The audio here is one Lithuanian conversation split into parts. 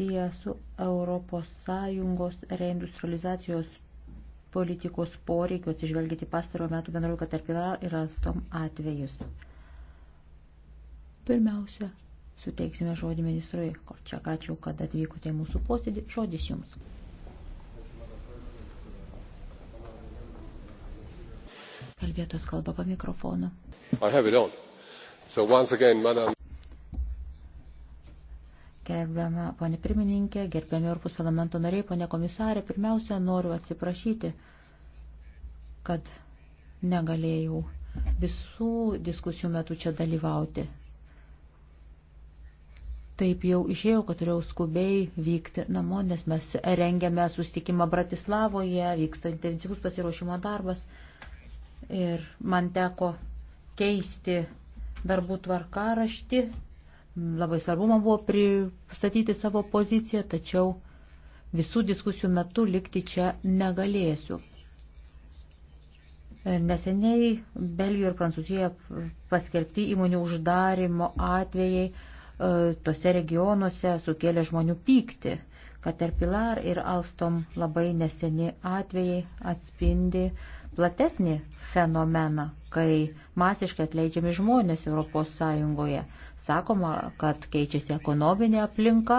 susiję su ES reindustrializacijos politikos poreikiu atsižvelgyti pastarojo metų 11 tarpilar ir alstom atvejus. Pirmiausia, suteiksime žodį ministrui Korčiakačiu, kad atvykote į mūsų posėdį. Žodis jums. Kalbėtos kalba po mikrofonu. So again, madam... Gerbiama ponė pirmininkė, gerbiami Europos parlamento nariai, ponė komisarė, pirmiausia, noriu atsiprašyti, kad negalėjau visų diskusijų metų čia dalyvauti. Taip jau išėjau, kad turėjau skubiai vykti namo, nes mes rengiame sustikimą Bratislavoje, vyksta intensyvus pasiruošimo darbas ir man teko keisti darbų tvarkaraštį Labai svarbu man buvo pristatyti savo poziciją, tačiau visų diskusijų metu likti čia negalėsiu. Neseniai Belgijoje ir Prancūzijoje paskelbti įmonių uždarimo atvejai e, tose regionuose sukėlė žmonių pykti. Caterpillar ir Alstom labai neseni atvejai atspindi platesnį fenomeną, kai masiškai atleidžiami žmonės ES. Sakoma, kad keičiasi ekonominė aplinka,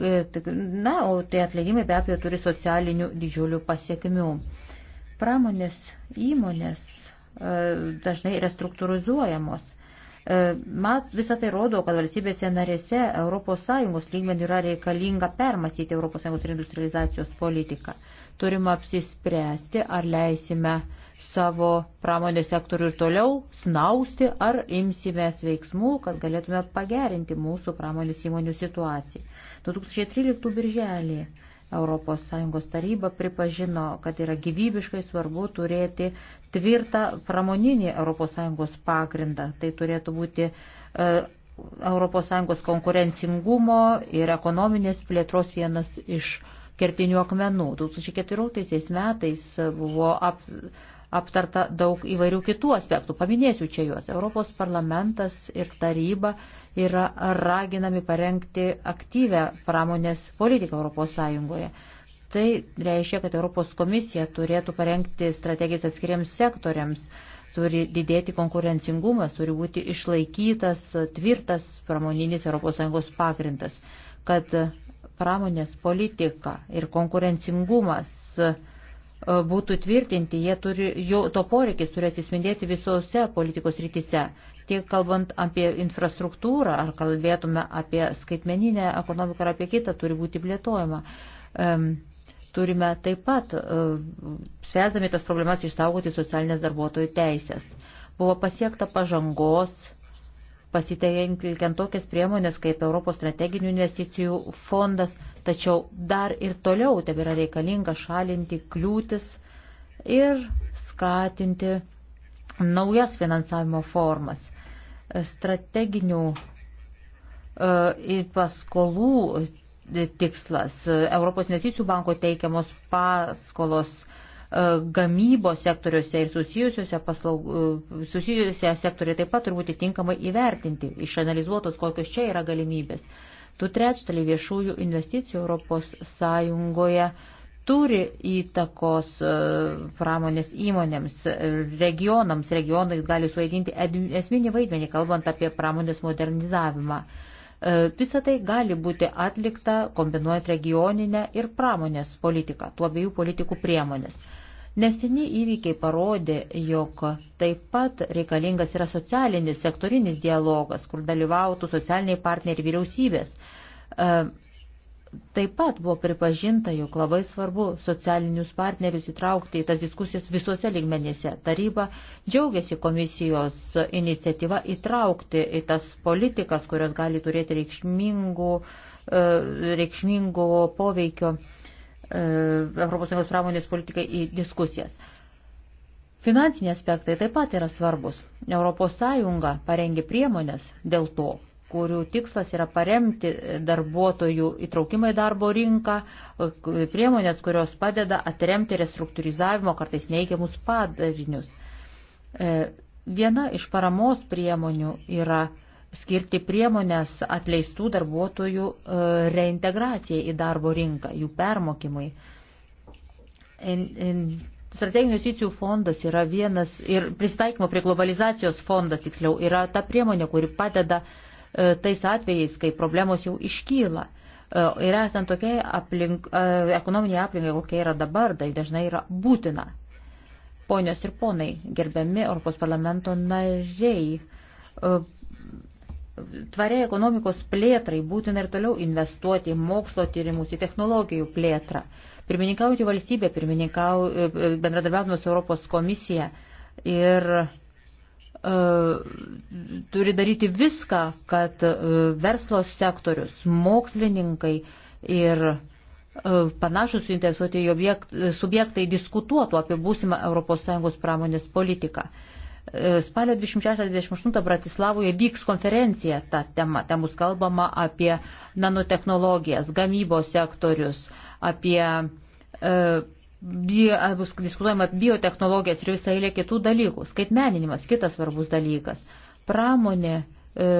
na, o tie atleidimai be abejo turi socialinių didžiulių pasiekmių. Pramonės įmonės e, dažnai restruktūrizuojamos. E, mat, visą tai rodo, kad valstybėse narėse ES lygmenių yra reikalinga permasyti ES industrializacijos politiką. Turime apsispręsti, ar leisime uh, savo pramonės sektorių ir toliau snausti, ar imsimės veiksmų, kad galėtume pagerinti mūsų pramonės įmonių situaciją. 2013 birželį ES taryba pripažino, kad yra gyvybiškai svarbu turėti tvirtą pramoninį ES pagrindą. Tai turėtų būti ES konkurencingumo ir ekonominės plėtros vienas iš kertinių akmenų. 2014 metais buvo ap, aptarta daug įvairių kitų aspektų. Paminėsiu čia juos. Europos parlamentas ir taryba yra raginami parengti aktyvę pramonės politiką ES. Tai reiškia, kad Europos komisija turėtų parengti strategijas atskiriams sektoriams, turi didėti konkurencingumas, turi būti išlaikytas tvirtas pramoninis ES pagrindas, kad pramonės politika ir konkurencingumas uh, E, būtų tvirtinti, jie turi, jo, to poreikis turi atsispindėti visose politikos rytise. Tiek kalbant apie infrastruktūrą, ar kalbėtume apie skaitmeninę ekonomiką ar apie kitą, turi būti plėtojama. Um, turime taip pat, um, spręsdami tas problemas, išsaugoti socialinės darbuotojų teisės. Buvo pasiekta pažangos pasitelkiant tokias priemonės kaip Europos strateginių investicijų fondas, tačiau dar ir toliau tebėra reikalinga šalinti kliūtis ir skatinti naujas finansavimo formas. Strateginių e, paskolų tikslas, Europos investicijų banko teikiamos paskolos gamybos sektoriuose ir susijusiuose, paslaugų, e, susijusiuose sektoriuose taip pat turbūt tinkamai įvertinti, išanalizuotos, kokios čia yra galimybės. Tu trečdalį viešųjų investicijų ES turi įtakos e, pramonės įmonėms, regionams, regionai gali suvaidinti esminį vaidmenį, kalbant apie pramonės modernizavimą. E, Visą tai gali būti atlikta kombinuojant regioninę ir pramonės politiką, tuo abiejų politikų priemonės. Neseni įvykiai parodė, jog taip pat reikalingas yra socialinis, sektorinis dialogas, kur dalyvautų socialiniai partneriai vyriausybės. E, taip pat buvo pripažinta, jog labai svarbu socialinius partnerius įtraukti į tas diskusijas visuose lygmenėse. Taryba džiaugiasi komisijos iniciatyva įtraukti į tas politikas, kurios gali turėti reikšmingų, e, reikšmingo poveikio ES pramonės politikai į diskusijas. Finansiniai aspektai taip pat yra svarbus. ES parengė priemonės dėl to, kurių tikslas yra paremti darbuotojų įtraukimą į darbo rinką, priemonės, kurios padeda atremti restruktūrizavimo kartais neigiamus padarinius. E, viena iš paramos priemonių yra skirti priemonės atleistų darbuotojų e, reintegracijai į darbo rinką, jų permokymui. Strateginių investicijų fondas yra vienas ir pristaikymo prie globalizacijos fondas, tiksliau, yra ta priemonė, kuri padeda e, tais atvejais, kai problemos jau iškyla. E, ir esant tokiai aplink, ekonominiai aplinkai, kokia yra dabar, tai dažnai yra būtina. Ponios ir ponai, gerbiami Europos parlamento nariai, tvariai ekonomikos plėtrai būtina ir toliau investuoti į mokslo tyrimus, į technologijų plėtrą. Pirmininkauti valstybė, pirmininkau, e, e, bendradarbiavimas Europos komisija ir e, turi daryti viską, kad e, verslo sektorius, mokslininkai ir e, panašus suinteresuoti subjektai diskutuotų apie būsimą ES pramonės politiką. E, Spalio 26-28 Bratislavoje vyks konferencija tą temą. Ten bus kalbama apie nanotehnologijas, gamybos sektorius, apie, e, bio, bus diskutuojama apie biotehnologijas ir visą eilę kitų dalykų. Skaitmeninimas, kitas svarbus dalykas. Pramonė, e,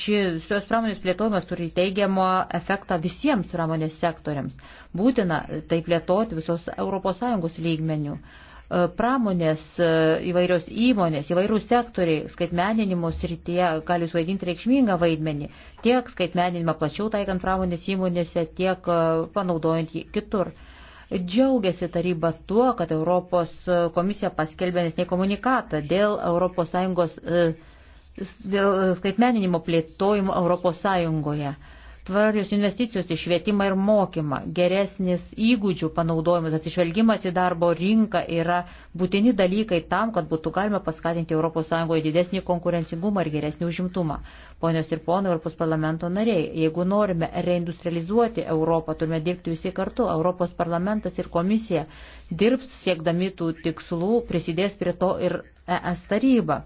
šis, šios pramonės plėtojimas turi teigiamą efektą visiems pramonės sektoriams. Būtina tai plėtoti visos ES lygmenių. E, E, pramonės e, įvairios įmonės, įvairūs sektoriai skaitmeninimo srityje gali suvaidinti reikšmingą vaidmenį tiek skaitmeninimą plačiau taikant pramonės įmonėse, tiek e, panaudojant jį kitur. Džiaugiasi taryba tuo, kad Europos komisija paskelbė nesnei komunikatą dėl ES dėl skaitmeninimo plėtojimo ES tvarios investicijos į švietimą ir mokymą, geresnis įgūdžių panaudojimas, atsižvelgimas į darbo rinką yra būtini dalykai tam, kad būtų galima paskatinti ES didesnį konkurencingumą ir geresnį užimtumą. Ponios ir ponai, Europos parlamento nariai, jeigu norime reindustrializuoti Europą, turime dirbti visi kartu. Europos parlamentas ir komisija dirbs siekdami tų tikslų, prisidės prie to ir ES taryba.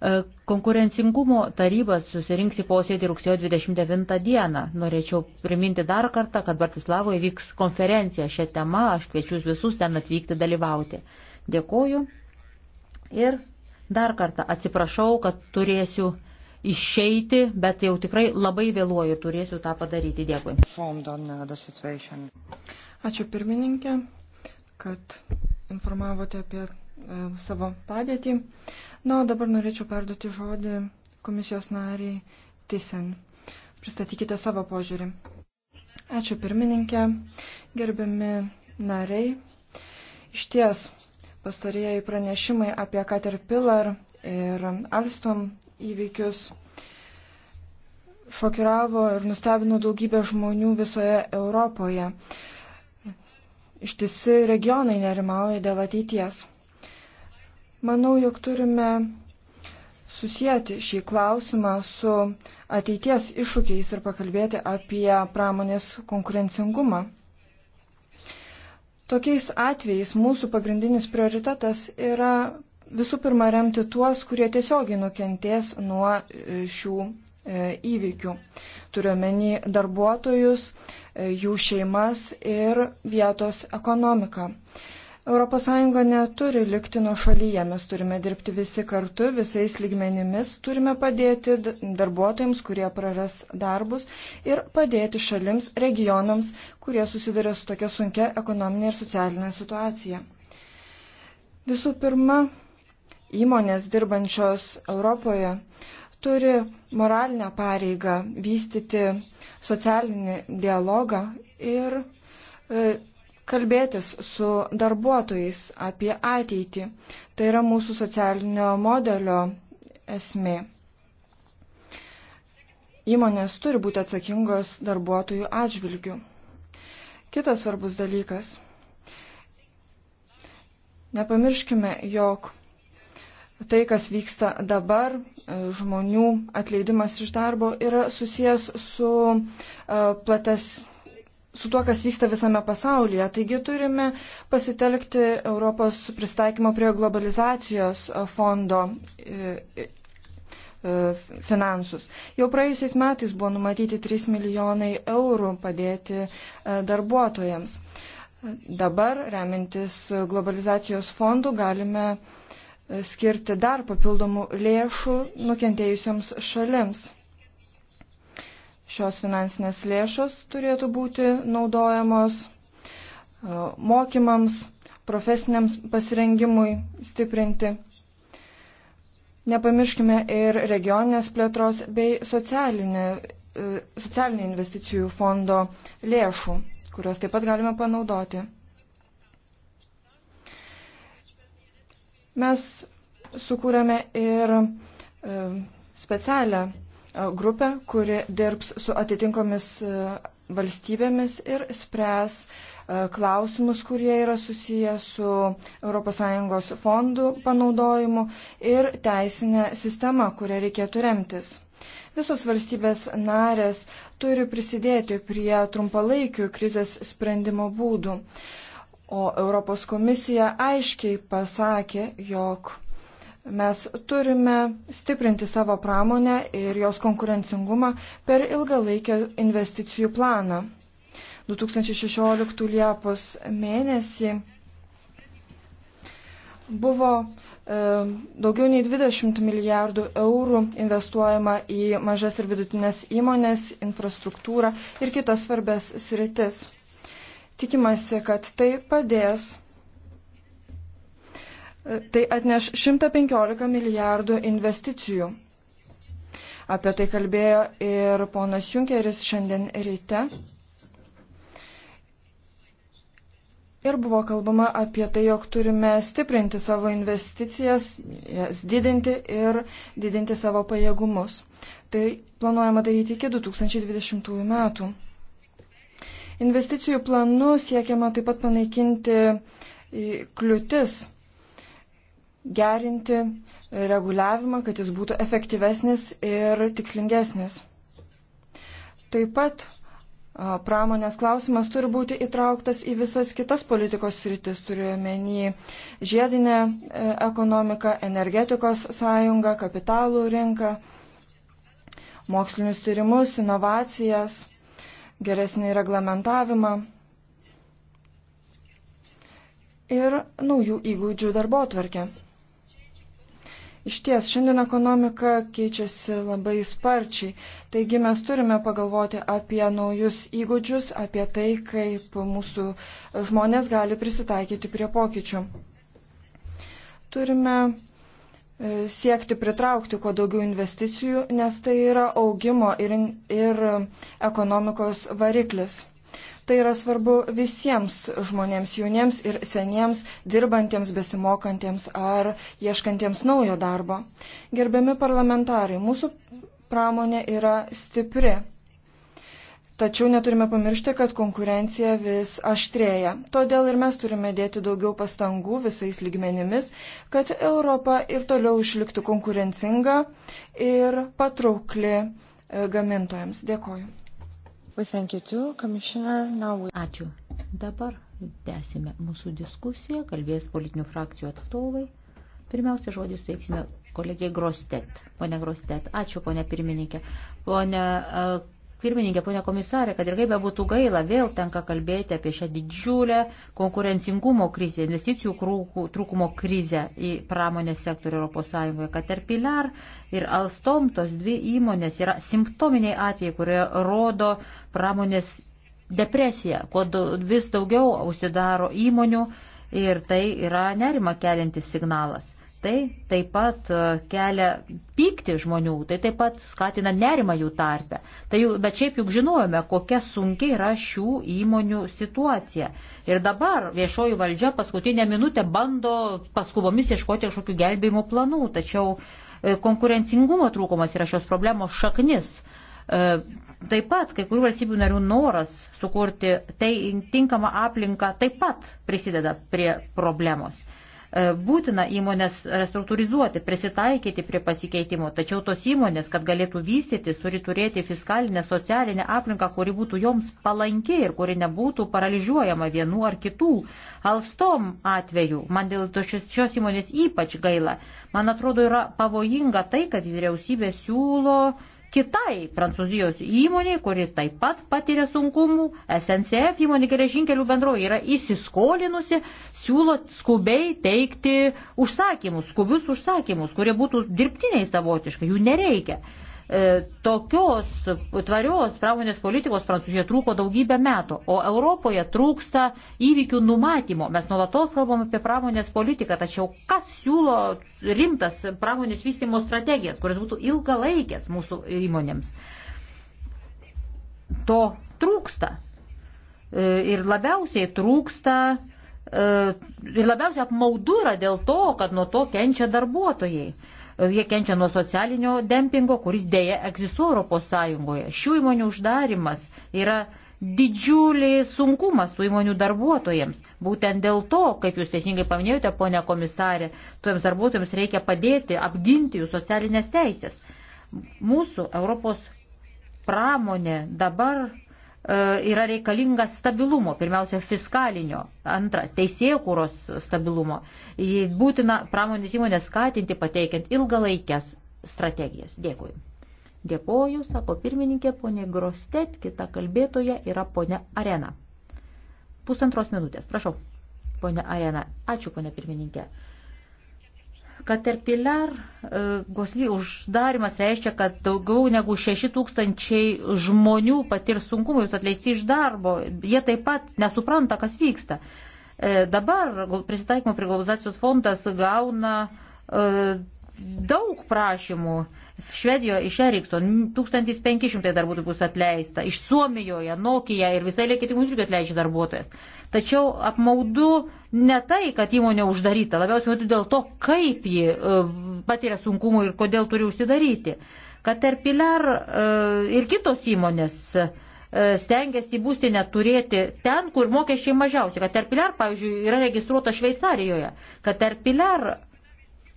E, konkurencingumo tarybas susirinks į posėdį rugsėjo 29 dieną. Norėčiau priminti dar kartą, kad Bratislavoje vyks konferencija šią temą. Aš kviečiu visus ten atvykti dalyvauti. Dėkoju. Ir dar kartą atsiprašau, kad turėsiu išeiti, bet jau tikrai labai vėluoju ir turėsiu tą padaryti. Dėkui. Uh, Ačiū pirmininkė, kad informavote apie E, savo padėtį. Na, o dabar norėčiau perduoti žodį komisijos nariai Tysen. Pristatykite savo požiūrį. Ačiū pirmininkė, gerbiami nariai. Iš ties, pastarėjai pranešimai apie Caterpillar ir Alstom įvykius šokiravo ir nustebino daugybę žmonių visoje Europoje. Ištisi regionai nerimauja dėl ateities. Manau, jog turime susijęti šį klausimą su ateities iššūkiais ir pakalbėti apie pramonės konkurencingumą. Tokiais atvejais mūsų pagrindinis prioritetas yra visų pirma remti tuos, kurie tiesiogiai nukentės nuo šių e, įvykių. Turiuomenį darbuotojus, e, jų šeimas ir vietos ekonomiką. ES neturi likti nuo šalyje, mes turime dirbti visi kartu, visais lygmenimis, turime padėti darbuotojams, kurie praras darbus ir padėti šalims, regionams, kurie susiduria su tokia sunkia ekonominė ir socialinė situacija. Visų pirma, įmonės dirbančios Europoje turi moralinę pareigą vystyti socialinį dialogą ir e, kalbėtis su darbuotojais apie ateitį. Tai yra mūsų socialinio modelio esmė. Įmonės turi būti atsakingos darbuotojų atžvilgių. Kitas svarbus dalykas. Nepamirškime, jog tai, kas vyksta dabar, žmonių atleidimas iš darbo yra susijęs su e, plates, su tuo, kas vyksta visame pasaulyje. Taigi turime pasitelkti Europos pristaikymo prie globalizacijos fondo e, e, e, finansus. Jau praėjusiais metais buvo numatyti 3 milijonai eurų padėti darbuotojams. Dabar, remintis globalizacijos fondų, galime skirti dar papildomų lėšų nukentėjusiams šalims. Šios finansinės lėšos turėtų būti naudojamos e, mokymams, profesiniam pasirengimui stiprinti. Nepamirškime ir regioninės plėtros bei socialinių e, investicijų fondo lėšų, kuriuos taip pat galime panaudoti. Mes sukūrėme ir e, specialią grupę, kuri dirbs su atitinkomis e, valstybėmis ir spręs e, klausimus, kurie yra susiję su ES fondų panaudojimu ir teisinė sistema, kurią reikėtų remtis. Visos valstybės narės turi prisidėti prie trumpalaikių krizės sprendimo būdų. O Europos komisija aiškiai pasakė, jog Mes turime stiprinti savo pramonę ir jos konkurencingumą per ilgalaikę investicijų planą. 2016 Liepos mėnesį buvo e, daugiau nei 20 milijardų eurų investuojama į mažas ir vidutinės įmonės, infrastruktūrą ir kitas svarbės sritis. Tikimasi, kad tai padės Tai atneš 115 milijardų investicijų. Apie tai kalbėjo ir ponas Junkeris šiandien ryte. Ir buvo kalbama apie tai, jog turime stiprinti savo investicijas, jas didinti ir didinti savo pajėgumus. Tai planuojama daryti iki 2020 metų. Investicijų planu siekiama taip pat panaikinti kliūtis gerinti reguliavimą, kad jis būtų efektyvesnis ir tikslingesnis. Taip pat pramonės klausimas turi būti įtrauktas į visas kitas politikos sritis, turiuomenį žiedinę e, ekonomiką, energetikos sąjungą, kapitalų rinką, mokslinius tyrimus, inovacijas, geresnį reglamentavimą ir naujų įgūdžių darbo tvarkę. Iš ties, šiandien ekonomika keičiasi labai sparčiai, taigi mes turime pagalvoti apie naujus įgūdžius, apie tai, kaip mūsų žmonės gali prisitaikyti prie pokyčių. Turime e, siekti pritraukti kuo daugiau investicijų, nes tai yra augimo ir, ir ekonomikos variklis. Tai yra svarbu visiems žmonėms, jauniems ir seniems, dirbantiems, besimokantiems ar ieškantiems naujo darbo. Gerbiami parlamentarai, mūsų pramonė yra stipri. Tačiau neturime pamiršti, kad konkurencija vis aštrėja. Todėl ir mes turime dėti daugiau pastangų visais lygmenimis, kad Europa ir toliau išliktų konkurencinga ir patraukli e, gamintojams. Dėkoju. Ačiū. Dabar tęsime mūsų diskusiją, kalbės politinių frakcijų atstovai. Pirmiausia, žodį suteiksime kolegiai Grostet. Pone Grostet, ačiū, pone pirmininkė. Pone pirmininkė, ponia komisarė, kad ir kaip be būtų gaila, vėl tenka kalbėti apie šią didžiulę konkurencingumo krizę, investicijų krūkų, trūkumo krizę į pramonės sektorių ES. Caterpillar ir Alstom tos dvi įmonės yra simptominiai atvejai, kurie rodo pramonės depresiją, kod vis daugiau užsidaro įmonių ir tai yra nerima keliantis signalas. Tai taip pat e, kelia pykti žmonių, tai taip pat skatina nerimą jų tarpę. Tai jau, bet šiaip juk žinojome, kokia sunkiai yra šių įmonių situacija. Ir dabar viešoji valdžia paskutinę minutę bando paskubomis ieškoti kažkokių gelbėjimo planų, tačiau e, konkurencingumo trūkumas yra šios problemos šaknis. E, taip pat kai kurių valstybių narių noras sukurti tai tinkamą aplinką taip pat prisideda prie problemos. E, būtina įmonės restruktūrizuoti, prisitaikyti prie pasikeitimų, tačiau tos įmonės, kad galėtų vystytis, turi turėti fiskalinę, socialinę aplinką, kuri būtų joms palanki ir kuri nebūtų paralyžiuojama vienų ar kitų. Alstom atveju, man dėl to šios, šios įmonės ypač gaila, man atrodo yra pavojinga tai, kad vyriausybė siūlo kitai prancūzijos įmoniai, kuri taip pat patiria sunkumų, SNCF įmonė geležinkelių bendroji yra įsiskolinusi, siūlo skubiai teikti užsakymus, skubius užsakymus, kurie būtų dirbtiniai savotiškai, jų nereikia. E, tokios tvarios pramonės politikos Prancūzijoje trūko daugybę metų, o Europoje trūksta įvykių numatymo. Mes nuolatos kalbam apie pramonės politiką, tačiau kas siūlo rimtas pramonės vystimo strategijas, kuris būtų ilgalaikės mūsų įmonėms? To trūksta. E, ir labiausiai trūksta e, ir labiausiai apmaudu yra dėl to, kad nuo to kenčia darbuotojai. Jie kenčia nuo socialinio dempingo, kuris dėja egzistuoja ES. Šių įmonių uždarimas yra didžiulį sunkumą su įmonių darbuotojams. Būtent dėl to, kaip jūs teisingai paminėjote, ponė komisarė, tuoms darbuotojams reikia padėti, apginti jų socialinės teisės. Mūsų Europos pramonė dabar E, yra reikalingas stabilumo, pirmiausia, fiskalinio, antra, teisėjų kūros stabilumo. Jį būtina pramonės įmonės skatinti pateikiant ilgalaikės strategijas. Dėkui. Dėkoju, sako pirmininkė, ponė Grostet, kita kalbėtoja yra ponė Arena. Pusantros minutės, prašau. Pone Arena, ačiū, ponė pirmininkė. Caterpillar e, gosly uždarimas reiškia, kad daugiau negu 6 tūkstančiai žmonių patirs sunkumų, jūs atleisti iš darbo, jie taip pat nesupranta, kas vyksta. E, dabar prisitaikymo prie globalizacijos fondas gauna e, daug prašymų. Švedijoje iš Erikson 1500 darbuotojų bus atleista, iš Suomijoje, Nokija ir visai lėkite mūsų irgi atleidžia darbuotojas. Tačiau apmaudu ne tai, kad įmonė uždaryta, labiausiai matau dėl to, kaip ji e, patiria sunkumų ir kodėl turi užsidaryti. Caterpillar e, ir kitos įmonės e, stengiasi būstinę turėti ten, kur mokesčiai mažiausi. Caterpillar, pavyzdžiui, yra registruota Šveicarijoje. Caterpillar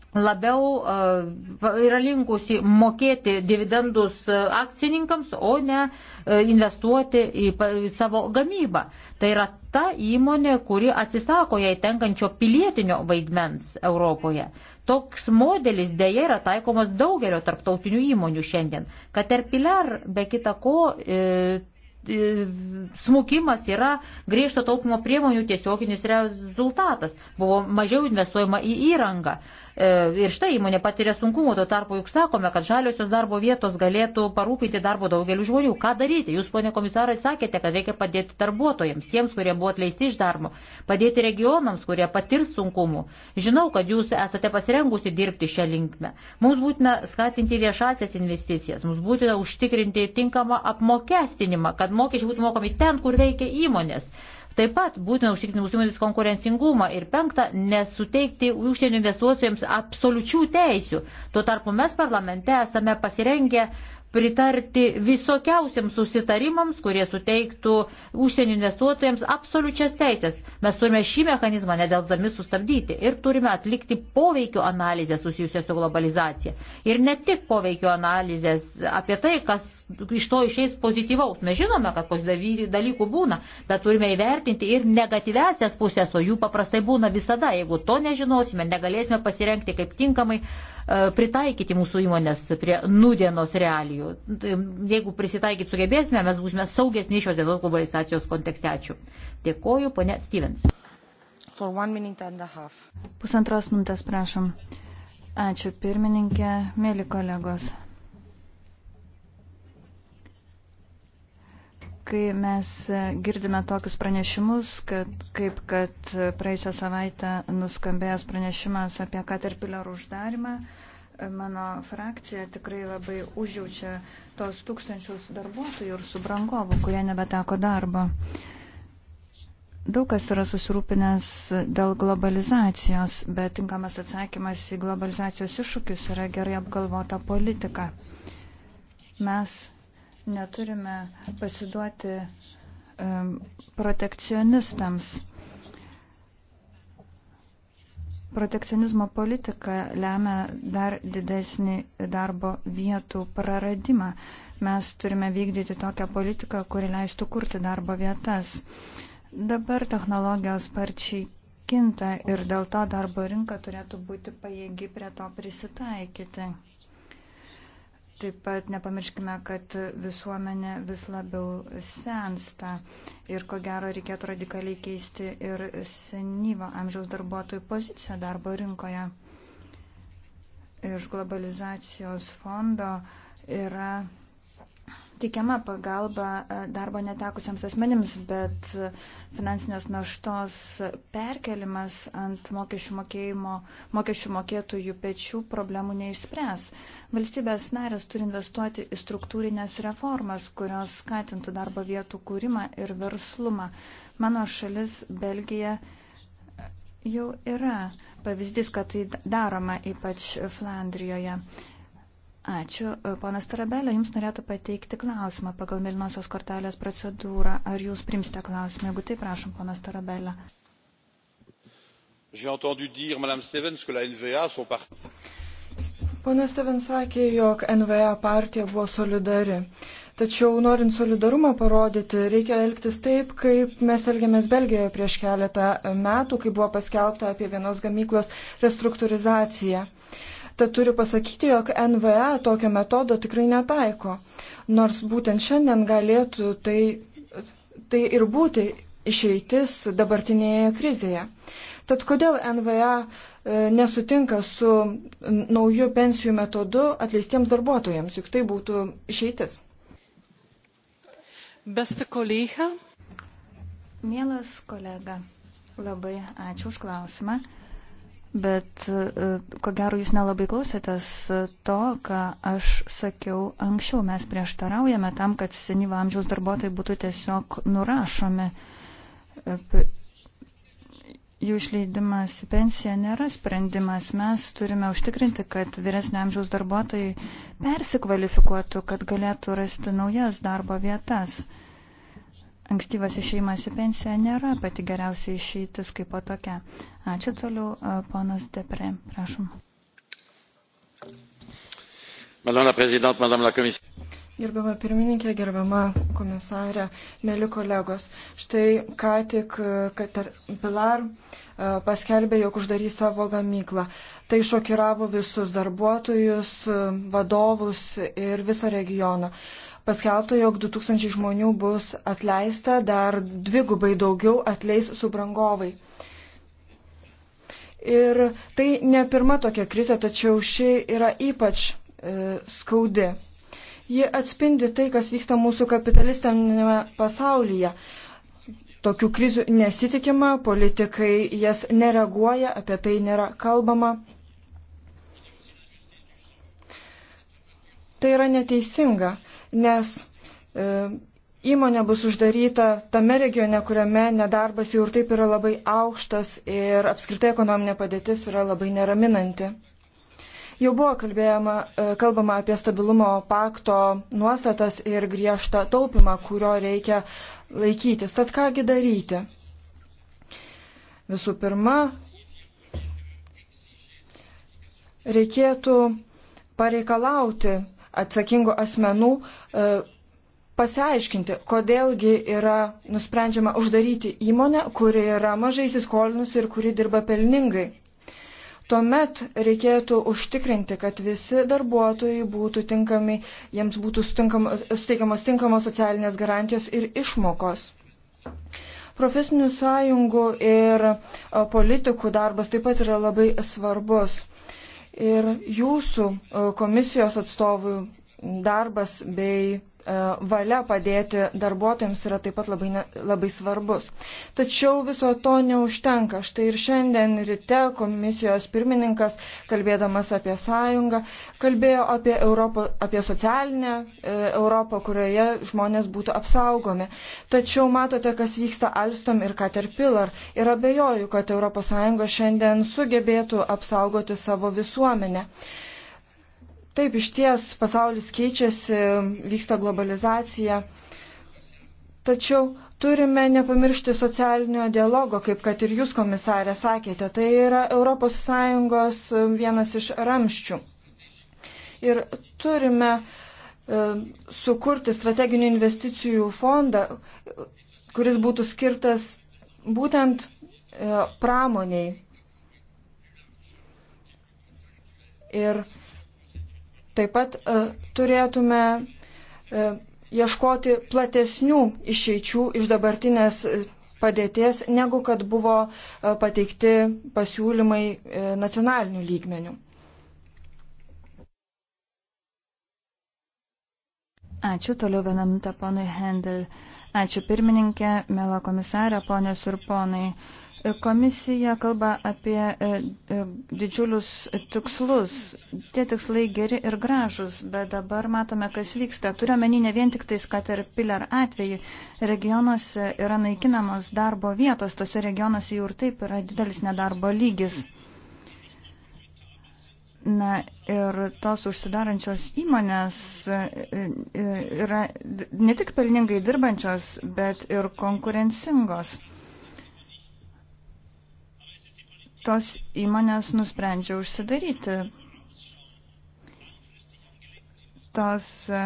labiau yra linkusi mokėti dividendus akcininkams, o ne E, investuoti į savo gamybą. Tai yra ta įmonė, kuri atsisako jai tenkančio pilietinio vaidmens Europoje. Toks modelis dėja yra taikomas daugelio tarptautinių įmonių šiandien. Caterpillar be kita ko. E, e smukimas yra griežto taupimo priemonių tiesioginis rezultatas. Buvo mažiau investuojama į įrangą. E, ir štai įmonė patiria sunkumų, tuo tarpu juk sakome, kad žaliosios darbo vietos galėtų parūpinti darbo daugeliu žmonių. Ką daryti? Jūs, ponė komisarai, sakėte, kad reikia padėti darbuotojams, tiems, kurie buvo atleisti iš darbo, padėti regionams, kurie patirs sunkumų. Žinau, kad jūs esate pasirengusi dirbti šią linkmę. Mums būtina skatinti viešasias investicijas, mums būtina užtikrinti tinkamą apmokestinimą, kad mokesčiai būtų mokomi ten, kur veikia įmonės. Taip pat būtina užtikrinti mūsų įmonės konkurencingumą ir penktą, nesuteikti užsienio investuotojams absoliučių teisių. Tuo tarpu mes parlamente esame pasirengę pritarti visokiausiams susitarimams, kurie suteiktų užsienio investuotojams absoliučias teisės. Mes turime šį mechanizmą nedelsdami sustabdyti ir turime atlikti poveikio analizę susijusią su globalizacija. Ir ne tik poveikio analizės apie tai, kas iš to išeis pozityvaus. Mes žinome, kad pozityvių dalykų būna, bet turime įvertinti ir negatyvesias pusės, o jų paprastai būna visada. Jeigu to nežinosime, negalėsime pasirengti kaip tinkamai e, pritaikyti mūsų įmonės prie nudienos realijų. Tai, jeigu prisitaikyti sugebėsime, mes būsime saugesni šios dienos globalizacijos kontekste. Ačiū. Dėkoju, ponė Stevens. Pusantros minutės, prašom. Ačiū pirmininkė, mėly kolegos. kai mes girdime tokius pranešimus, kad, kaip kad praėjusią savaitę nuskambėjęs pranešimas apie Caterpillar uždarimą, mano frakcija tikrai labai užjaučia tos tūkstančius darbuotojų ir subrangovų, kurie nebeteko darbo. Daug kas yra susirūpinęs dėl globalizacijos, bet tinkamas atsakymas į globalizacijos iššūkius yra gerai apgalvota politika. Mes neturime pasiduoti protekcionistams. Protekcionizmo politika lemia dar didesnį darbo vietų praradimą. Mes turime vykdyti tokią politiką, kuri leistų kurti darbo vietas. Dabar technologijos sparčiai kinta ir dėl to darbo rinka turėtų būti pajėgi prie to prisitaikyti. Taip pat nepamirškime, kad visuomenė vis labiau sensta ir ko gero reikėtų radikaliai keisti ir senyvo amžiaus darbuotojų poziciją darbo rinkoje. Iš globalizacijos fondo yra teikiama pagalba e, darbo netekusiems asmenims, bet finansinės naštos perkelimas ant mokesčių, mokėjimo, mokesčių mokėtojų pečių problemų neišspręs. Valstybės narės turi investuoti į struktūrinės reformas, kurios skatintų darbo vietų kūrimą ir verslumą. Mano šalis Belgija jau yra pavyzdys, kad tai daroma ypač Flandrijoje. Ačiū. Ponas Tarabelė, jums norėtų pateikti klausimą pagal Milinosios kortelės procedūrą. Ar jūs primsite klausimą? Jeigu taip, prašom, ponas Tarabelė. Ponas Stevens sakė, jog NVA partija buvo solidari. Tačiau norint solidarumą parodyti, reikia elgtis taip, kaip mes elgėmės Belgijoje prieš keletą metų, kai buvo paskelbta apie vienos gamyklos restruktūrizaciją. Tad turiu pasakyti, jog NVA tokio metodo tikrai netaiko. Nors būtent šiandien galėtų tai, tai ir būti išeitis dabartinėje krizėje. Tad kodėl NVA e, nesutinka su nauju pensijų metodu atleistiems darbuotojams, juk tai būtų išeitis? Beste kolega. Mielas kolega, labai ačiū už klausimą. Bet e, ko gero jūs nelabai klausėtės e, to, ką aš sakiau anksčiau. Mes prieštaraujame tam, kad senyvo amžiaus darbuotojai būtų tiesiog nurašomi. E, jų išleidimas į pensiją nėra sprendimas. Mes turime užtikrinti, kad vyresnio amžiaus darbuotojai persikvalifikuotų, kad galėtų rasti naujas darbo vietas ankstyvas išeimas į pensiją nėra pati geriausia išeitis kaip po tokia. Ačiū toliau, ponas Depre, prašom. Madame la Présidente, Madame la Commissaire. Gerbama pirmininkė, gerbama komisarė, mėly kolegos. Štai ką tik Pilar paskelbė, jog uždarys savo gamyklą. Tai šokiravo visus darbuotojus, vadovus ir visą regioną paskelbta, jog 2000 žmonių bus atleista, dar dvigubai daugiau atleis subrangovai. Ir tai ne pirma tokia krizė, tačiau ši yra ypač e, skaudi. Ji atspindi tai, kas vyksta mūsų kapitalistinėme pasaulyje. Tokių krizių nesitikima, politikai jas nereaguoja, apie tai nėra kalbama. Tai yra neteisinga, nes e, įmonė bus uždaryta tame regione, kuriame nedarbas jau ir taip yra labai aukštas ir apskritai ekonominė padėtis yra labai neraminanti. Jau buvo kalbėjama, e, kalbama apie stabilumo pakto nuostatas ir griežtą taupimą, kurio reikia laikytis. Tad kągi daryti? Visų pirma, reikėtų pareikalauti atsakingų asmenų e, pasiaiškinti, kodėlgi yra nusprendžiama uždaryti įmonę, kuri yra mažai įsiskolinusi ir kuri dirba pelningai. Tuomet reikėtų užtikrinti, kad visi darbuotojai būtų tinkami, jiems būtų suteikiamos tinkamos socialinės garantijos ir išmokos. Profesinių sąjungų ir e, politikų darbas taip pat yra labai svarbus ir jūsų e, komisijos atstovų darbas bei E, valia padėti darbuotojams yra taip pat labai, ne, labai svarbus. Tačiau viso to neužtenka. Štai ir šiandien ryte komisijos pirmininkas, kalbėdamas apie sąjungą, kalbėjo apie, Europą, apie socialinę e, Europą, kurioje žmonės būtų apsaugomi. Tačiau matote, kas vyksta Alstom ir Caterpillar ir abejoju, kad ES šiandien sugebėtų apsaugoti savo visuomenę. E, Taip, iš ties pasaulis keičiasi, vyksta globalizacija. Tačiau turime nepamiršti socialinio dialogo, kaip kad ir jūs, komisarė, sakėte. Tai yra ES e, vienas iš ramščių. Ir turime e, sukurti strateginių investicijų fondą, kuris būtų skirtas būtent e, pramoniai. Ir Taip pat e, turėtume e, ieškoti platesnių išeičių iš dabartinės padėties, negu kad buvo e, pateikti pasiūlymai nacionalinių lygmenių. Ačiū toliau vieną minutę ponui Hendel. Ačiū pirmininkė, mėla komisarė, ponės ir ponai. Komisija kalba apie e, e, didžiulius tikslus. Tie tikslai geri ir gražus, bet dabar matome, kas vyksta. Turiuomenį ne vien tik tais Caterpillar atvejį. Regionuose yra naikinamos darbo vietos, tose regionuose jau ir taip yra didelis nedarbo lygis. Na ir tos užsidarančios įmonės e, yra ne tik pelningai dirbančios, bet ir konkurencingos tos įmonės nusprendžia užsidaryti. Tos e,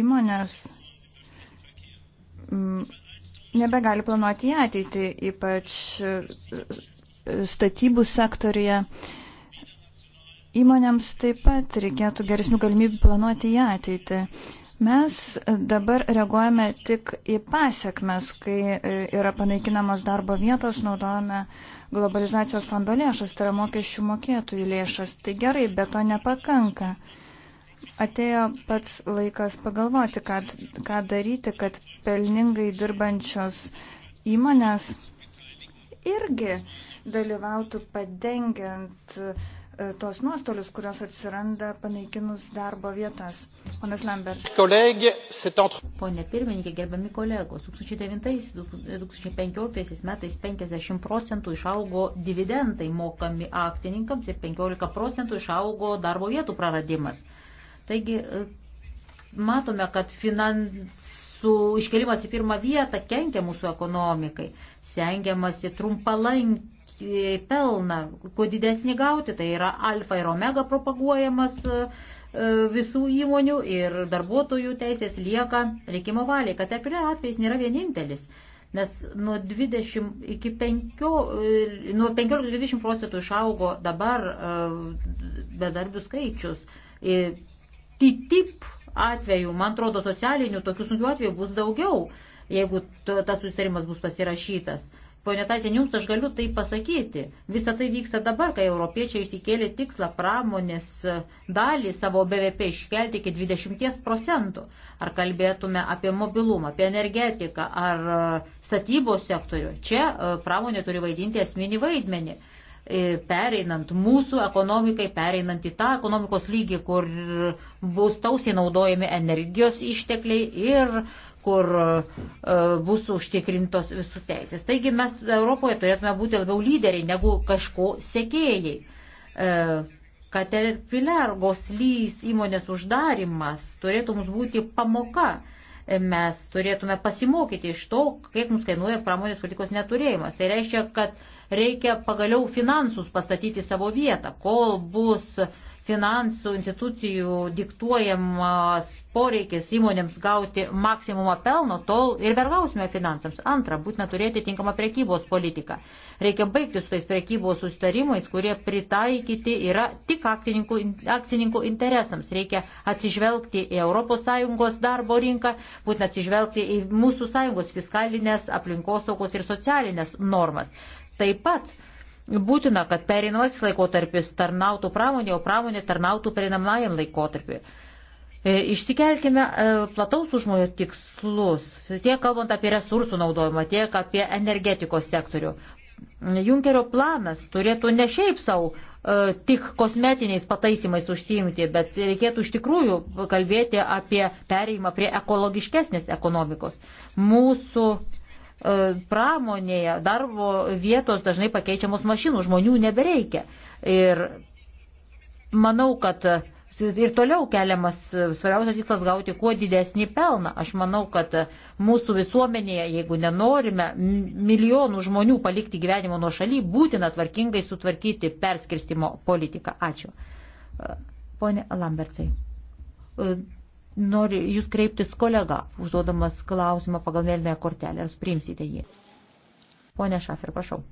įmonės nebegali planuoti į ateitį, ypač e, statybų sektorija. Įmonėms taip pat reikėtų geresnių galimybių planuoti į ateitį. Mes dabar reaguojame tik į pasiekmes, kai e, yra panaikinamos darbo vietos, naudojame globalizacijos fondo lėšas, tai yra mokesčių mokėtojų lėšas. Tai gerai, bet to nepakanka. Atėjo pats laikas pagalvoti, ką, ką daryti, kad pelningai dirbančios įmonės irgi dalyvautų padengiant uh, E, tos nuostolius, kurios atsiranda panaikinus darbo vietas. Ponas Lambert. Pone pirmininkė, gerbiami kolegos, 2009-2015 metais 50 procentų išaugo dividendai mokami akcininkams ir 15 procentų išaugo darbo vietų praradimas. Taigi e, matome, kad finansų iškelimas į pirmą vietą kenkia mūsų ekonomikai, sengiamasi trumpalankį pelną, kuo didesnį gauti. Tai yra alfa ir omega propaguojamas e, e, visų įmonių ir darbuotojų teisės lieka likimo valiai, kad taip ir atvejs nėra vienintelis. Nes nuo 20 iki 5, e, nuo 15-20 procentų išaugo dabar bedarbių skaičius. TTIP atveju, man atrodo, socialinių tokių sunkių atvejų bus daugiau, jeigu tas susitarimas bus pasirašytas. Pone Taisen, jums aš galiu tai pasakyti. Visą tai vyksta dabar, kai europiečiai išsikėlė tikslą pramonės dalį savo BVP iškelti iki 20 procentų. Ar kalbėtume apie mobilumą, apie energetiką, ar e, statybos sektorių. Čia e, pramonė turi vaidinti esminį vaidmenį. E, pereinant mūsų ekonomikai, pereinant į tą ekonomikos lygį, kur bus tausiai naudojami energijos ištekliai ir uh, kur e, bus užtikrintos visų teisės. Taigi mes Europoje turėtume būti labiau lyderiai negu kažko sekėjai. E, Caterpillar Goslys įmonės uždarimas turėtų mums būti pamoka. E, mes turėtume pasimokyti iš to, kiek mums kainuoja pramonės politikos neturėjimas. Tai reiškia, kad reikia pagaliau finansus pastatyti savo vietą, kol bus uh, finansų institucijų diktuojamas poreikis įmonėms gauti maksimumą pelno, tol ir vergausime finansams. Antra, būtina turėti tinkamą prekybos politiką. Reikia baigti su tais prekybos sustarimais, kurie pritaikyti yra tik akcininkų, akcininkų interesams. Reikia atsižvelgti į ES darbo rinką, būtina atsižvelgti į mūsų sąjungos fiskalinės, aplinkosaugos ir socialinės normas. Taip pat būtina, kad pereinamasis laikotarpis tarnautų pramonė, o pramonė tarnautų pereinamajam laikotarpiu. E, išsikelkime e, plataus užmojo tikslus, tiek kalbant apie resursų naudojimą, tiek apie energetikos sektorių. Junkerio planas turėtų ne šiaip savo e, tik kosmetiniais pataisimais užsiimti, bet reikėtų iš tikrųjų kalbėti apie pereimą prie ekologiškesnės ekonomikos. Mūsų E, pramonėje darbo vietos dažnai pakeičiamos mašinų, žmonių nebereikia. Ir manau, kad ir toliau keliamas e, svarbiausias tikslas gauti kuo didesnį pelną. Aš manau, kad mūsų visuomenėje, jeigu nenorime milijonų žmonių palikti gyvenimo nuo šaly, būtina tvarkingai sutvarkyti perskirstimo politiką. Ačiū. E, pone Lambertsai nori jūs kreiptis kolega, užduodamas klausimą pagal mėlynąją kortelę. Ar priimsite jį? Pone Šafer, prašau.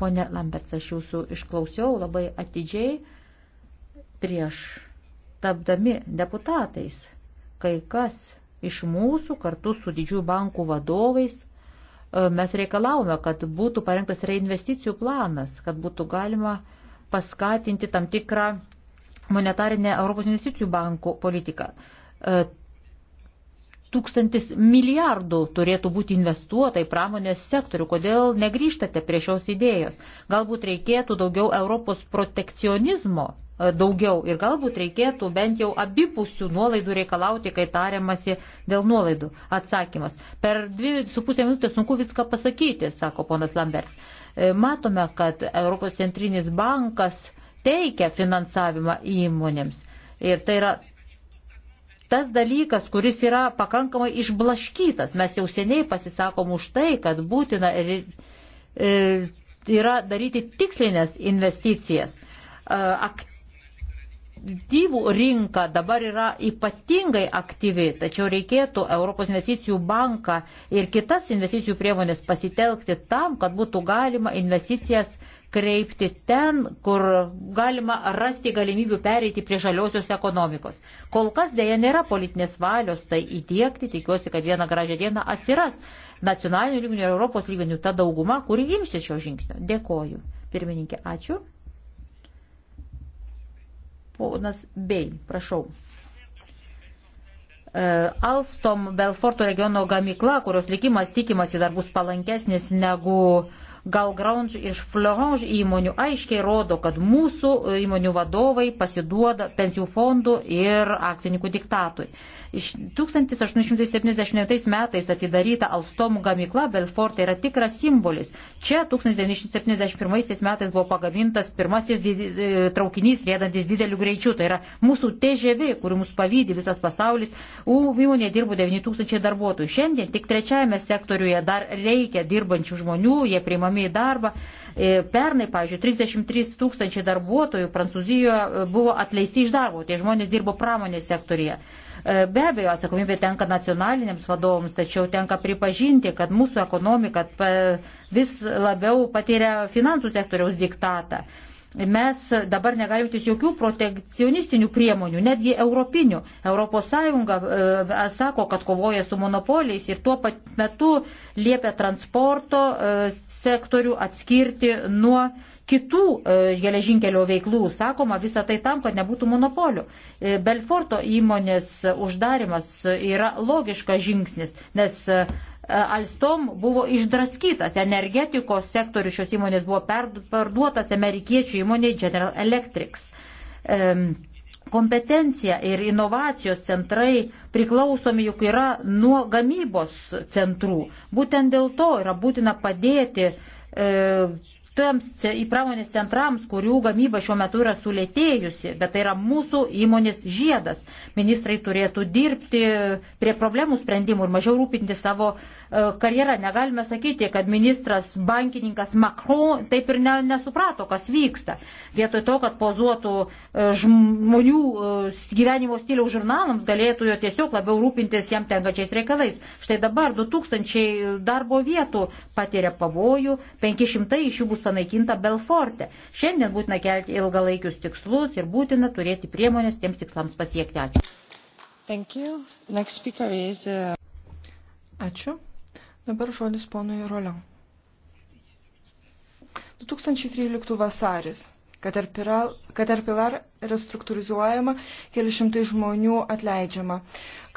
Pone Lamberts, aš jūsų išklausiau labai atidžiai prieš tapdami deputatais. Kai kas iš mūsų kartu su didžiųjų bankų vadovais e, mes reikalavome, kad būtų parengtas reinvesticijų planas, kad būtų galima paskatinti tam tikrą monetarinę Europos investicijų bankų politiką. E, tūkstantis milijardų turėtų būti investuota į pramonės sektorių. Kodėl negryžtate prie šios idėjos? Galbūt reikėtų daugiau Europos protekcionizmo e, daugiau ir galbūt reikėtų bent jau abipusių nuolaidų reikalauti, kai tariamasi dėl nuolaidų. Atsakymas. Per dvi su pusė minutės sunku viską pasakyti, sako ponas Lamberts. E, matome, kad Europos centrinis bankas teikia finansavimą įmonėms. Ir tai yra tas dalykas, kuris yra pakankamai išblaškytas. Mes jau seniai pasisakom už tai, kad būtina ir, ir, e, yra daryti tikslinės investicijas. E, aktyvų rinka dabar yra ypatingai aktyvi, tačiau reikėtų Europos investicijų banką ir kitas investicijų priemonės pasitelkti tam, kad būtų galima investicijas uh, kreipti ten, kur galima rasti galimybių pereiti prie žaliosios ekonomikos. Kol kas dėja nėra politinės valios tai įdėkti, tikiuosi, kad vieną gražią dieną atsiras nacionalinių lygmenių ir Europos lygmenių ta dauguma, kuri imsis šio žingsnio. Dėkoju. Pirmininkė, ačiū. Ponas Bei, prašau. E, Alstom Belforto regiono gamykla, kurios likimas tikimasi dar bus palankesnis negu uh, Galgrange iš Florange įmonių aiškiai rodo, kad mūsų įmonių vadovai pasiduoda pensijų fondų ir akcininkų diktatui. Iš 1879 metais atidaryta Alstom gamykla Belforte yra tikras simbolis. Čia 1971 metais buvo pagamintas pirmasis traukinys rėdantis dideliu greičiu. Tai yra mūsų TŽV, kuri mūsų pavydė visas pasaulis. Įmonė dirbo 9000 darbuotojų. Šiandien tik trečiajame sektoriuje dar reikia dirbančių žmonių, jie priimami paimami į darbą. E, pernai, pavyzdžiui, 33 tūkstančiai darbuotojų Prancūzijoje e, buvo atleisti iš darbo, tie žmonės dirbo pramonės sektorija. E, be abejo, atsakomybė tenka nacionaliniams vadovams, tačiau tenka pripažinti, kad mūsų ekonomika vis labiau patiria finansų sektoriaus diktatą mes dabar negalim imtis jokių protekcionistinių priemonių, netgi europinių. ES e, sako, kad kovoja su monopoliais ir tuo pat metu liepia transporto e, sektorių atskirti nuo kitų e, geležinkelio veiklų. Sakoma visą tai tam, kad nebūtų monopolių. E, Belforto įmonės uždarimas yra logiškas žingsnis, nes e, Alstom buvo išdraskytas, energetikos sektorius šios įmonės buvo perduotas amerikiečių įmoniai General Electrics kompetencija ir inovacijos centrai priklausomi juk yra nuo gamybos centrų. Būtent dėl to yra būtina padėti e, tiems į pramonės centrams, kurių gamyba šiuo metu yra sulėtėjusi, bet tai yra mūsų įmonės žiedas. Ministrai turėtų dirbti prie problemų sprendimų ir mažiau rūpinti savo e, karjerą. Negalime sakyti, kad ministras bankininkas Macron taip ir ne, nesuprato, kas vyksta. Vietoj to, kad pozuotų e, žmonių e, gyvenimo stiliaus žurnalams, galėtų jo tiesiog labiau rūpintis jam tenkačiais reikalais. Štai dabar 2000 darbo vietų patiria pavojų, 500 iš jų bus bus panaikinta Belforte. Šiandien būtina kelti ilgalaikius tikslus ir būtina turėti priemonės tiems tikslams pasiekti. Ačiū. Is, uh... Ačiū. Dabar žodis ponui Roliau. 2013 vasaris. Caterpillar restruktūrizuojama, keli šimtai žmonių atleidžiama.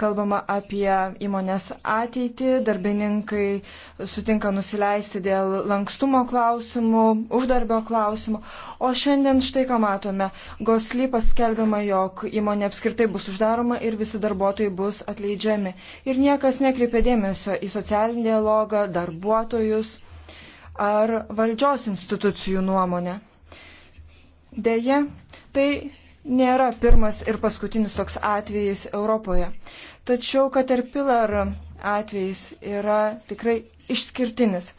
Kalbama apie įmonės ateitį, darbininkai sutinka nusileisti dėl lankstumo klausimų, uždarbio klausimų. O šiandien štai ką matome. Gosly paskelbiama, jog įmonė apskritai bus uždaroma ir visi darbuotojai bus atleidžiami. Ir niekas nekreipia dėmesio į socialinį dialogą, darbuotojus ar valdžios institucijų nuomonę. Deja, tai nėra pirmas ir paskutinis toks atvejis Europoje. Tačiau Caterpillar atvejis yra tikrai išskirtinis.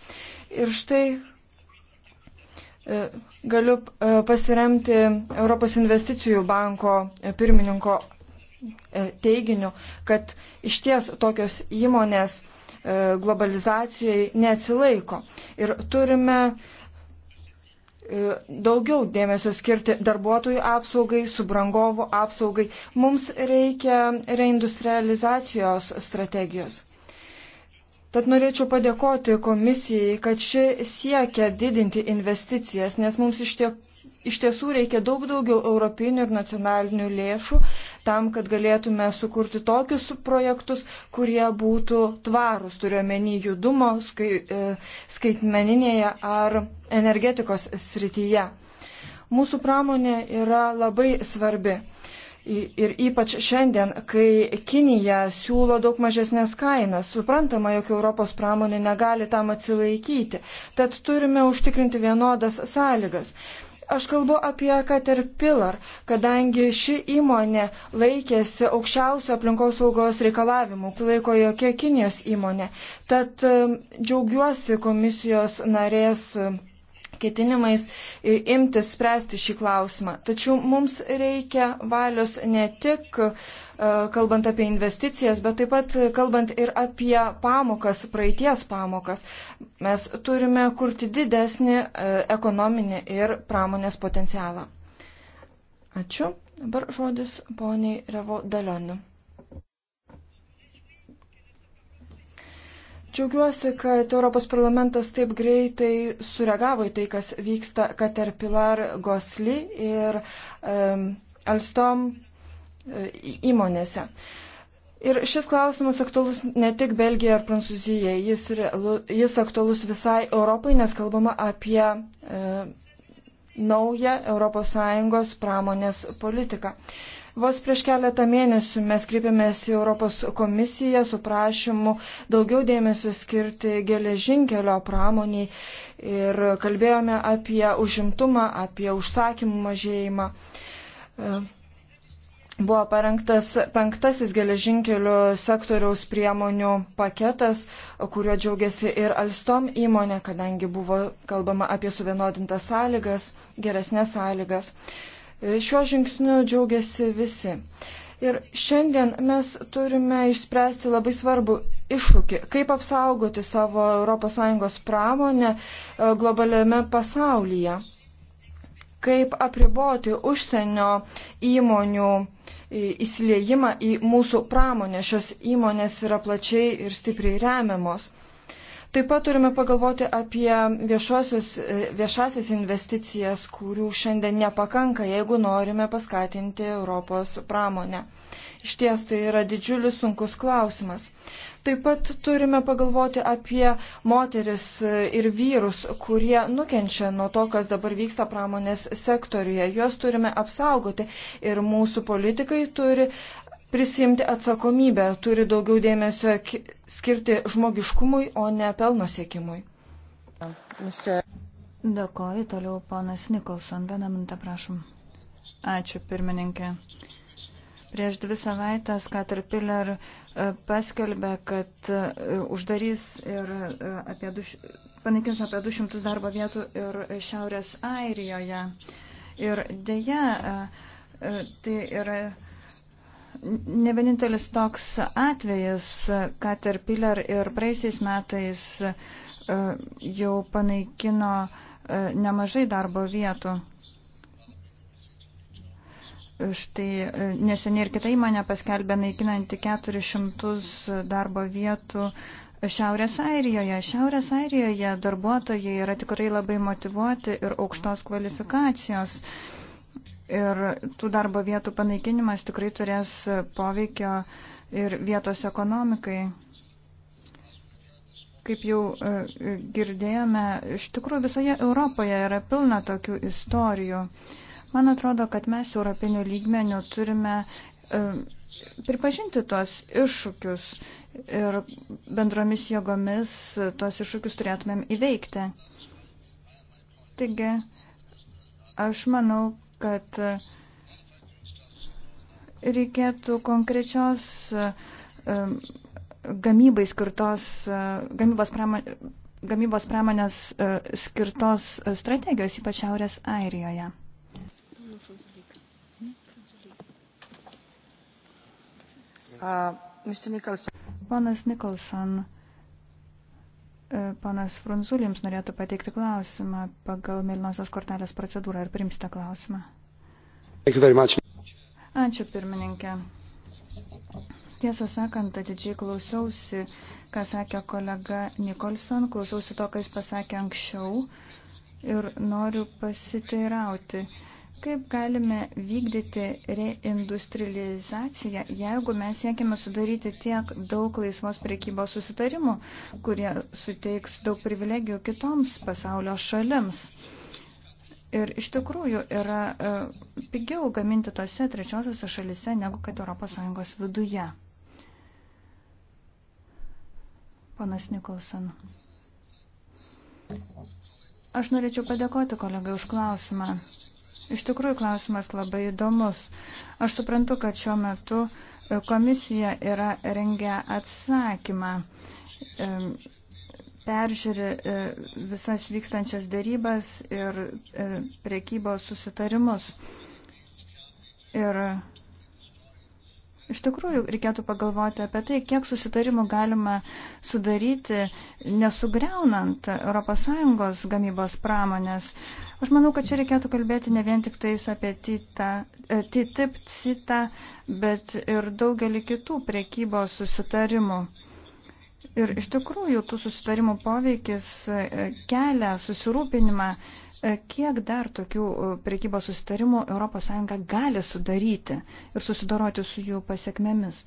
Ir štai e, galiu e, pasiremti Europos investicijų banko e, pirmininko teiginiu, kad iš ties tokios įmonės globalizacijai neatsilaiko. Ir turime E, daugiau dėmesio skirti darbuotojų apsaugai, subrangovų apsaugai. Mums reikia reindustrializacijos strategijos. Tad norėčiau padėkoti komisijai, kad ši siekia didinti investicijas, nes mums iš, tiek, iš tiesų reikia daug daugiau europinių ir nacionalinių lėšų tam, kad galėtume sukurti tokius projektus, kurie būtų tvarūs, turiuomenį judumo skai, e, skaitmeninėje ar energetikos srityje. Mūsų pramonė yra labai svarbi. Ir ypač šiandien, kai Kinija siūlo daug mažesnės kainas, suprantama, jog Europos pramonė negali tam atsilaikyti. Tad turime užtikrinti vienodas sąlygas. Aš kalbu apie Caterpillar, kadangi ši įmonė laikėsi aukščiausio aplinkos saugos reikalavimų, laiko jokia Kinijos įmonė. Tad džiaugiuosi komisijos narės ketinimais imtis spręsti šį klausimą. Tačiau mums reikia valios ne tik e, kalbant apie investicijas, bet taip pat kalbant ir apie pamokas, praeities pamokas. Mes turime kurti didesnį e, ekonominį ir pramonės potencialą. Ačiū. Dabar žodis poniai Revo Dalionu. Džiaugiuosi, kad Europos parlamentas taip greitai sureagavo į tai, kas vyksta Caterpillar, Gosli ir um, Alstom e, įmonėse. Ir šis klausimas aktualus ne tik Belgijai ar Prancūzijai, jis, jis aktualus visai Europai, nes kalbama apie e, naują ES pramonės politiką. E, Vos prieš keletą mėnesių mes kreipėmės į Europos komisiją su prašymu daugiau dėmesio skirti geležinkelio pramoniai ir kalbėjome apie užimtumą, apie užsakymų mažėjimą. E, buvo parengtas penktasis geležinkelių sektoriaus priemonių paketas, kuriuo džiaugiasi ir Alstom įmonė, kadangi buvo kalbama apie suvienodintas sąlygas, geresnės sąlygas. Uh, Šiuo žingsniu džiaugiasi visi. Ir šiandien mes turime išspręsti labai svarbu iššūkį, kaip apsaugoti savo ES pramonę e, globaliame pasaulyje, kaip apriboti užsienio įmonių e, įsiliejimą į mūsų pramonę. Šios įmonės yra plačiai ir stipriai remiamos. Taip pat turime pagalvoti apie e, viešasias investicijas, kurių šiandien nepakanka, jeigu norime paskatinti Europos pramonę. Iš ties tai yra didžiulis sunkus klausimas. Taip pat turime pagalvoti apie moteris e, ir vyrus, kurie nukenčia nuo to, kas dabar vyksta pramonės sektoriuje. Juos turime apsaugoti ir mūsų politikai turi prisimti atsakomybę, turi daugiau dėmesio skirti žmogiškumui, o ne pelno siekimui. Dėkoju, toliau ponas Nikolson, vieną minutę prašom. Ačiū, pirmininkė. Prieš dvi savaitės Caterpillar e, paskelbė, kad e, uždarys ir e, apie du, panaikins apie 200 darbo vietų ir Šiaurės Airijoje. Ir dėja, tai yra ne vienintelis toks atvejis, Caterpillar ir praeisiais metais e, jau panaikino e, nemažai darbo vietų. Štai e, neseniai ir kita įmonė paskelbė naikinanti 400 darbo vietų Šiaurės Airijoje. Šiaurės Airijoje darbuotojai yra tikrai labai motivuoti ir aukštos kvalifikacijos. Uh, Ir tų darbo vietų panaikinimas tikrai turės poveikio ir vietos ekonomikai. Kaip jau e, girdėjome, iš tikrųjų visoje Europoje yra pilna tokių istorijų. Man atrodo, kad mes europinių lygmenių turime e, pripažinti tuos iššūkius ir bendromis jėgomis tuos iššūkius turėtumėm įveikti. Taigi, aš manau, kad reikėtų konkrečios um, gamybai skirtos, gamybos, pramonė, gamybos pramonės uh, skirtos strategijos, ypač Šiaurės Airijoje. Uh, Ponas Nikolson, E, Panas Frunzulį jums norėtų pateikti klausimą pagal Milnosios kortelės procedūrą. Ar primsite klausimą? Ačiū, pirmininkė. Tiesą sakant, atidžiai klausiausi, ką sakė kolega Nikolson, klausiausi to, ką jis pasakė anksčiau ir noriu pasiteirauti. Kaip galime vykdyti reindustrializaciją, jeigu mes siekime sudaryti tiek daug laisvos priekybos susitarimų, kurie suteiks daug privilegijų kitoms pasaulio šalims? Ir iš tikrųjų yra uh, pigiau gaminti tose trečiosiose šalise negu kad ES viduje. Panas Nikolson. Aš norėčiau padėkoti kolegai už klausimą. Iš tikrųjų, klausimas labai įdomus. Aš suprantu, kad šiuo metu komisija yra rengę atsakymą, peržiūri e, visas vykstančias dėrybas ir e, priekybos susitarimus. Ir Iš tikrųjų, reikėtų pagalvoti apie tai, kiek susitarimų galima sudaryti, nesugriaunant ES gamybos pramonės. Aš manau, kad čia reikėtų kalbėti ne vien tik tais apie e, TTIP, CITA, bet ir daugelį kitų priekybos susitarimų. Ir iš tikrųjų, tų susitarimų poveikis e, kelia susirūpinimą E, kiek dar tokių e, prekybos susitarimų ES gali sudaryti ir susidoroti su jų pasiekmėmis?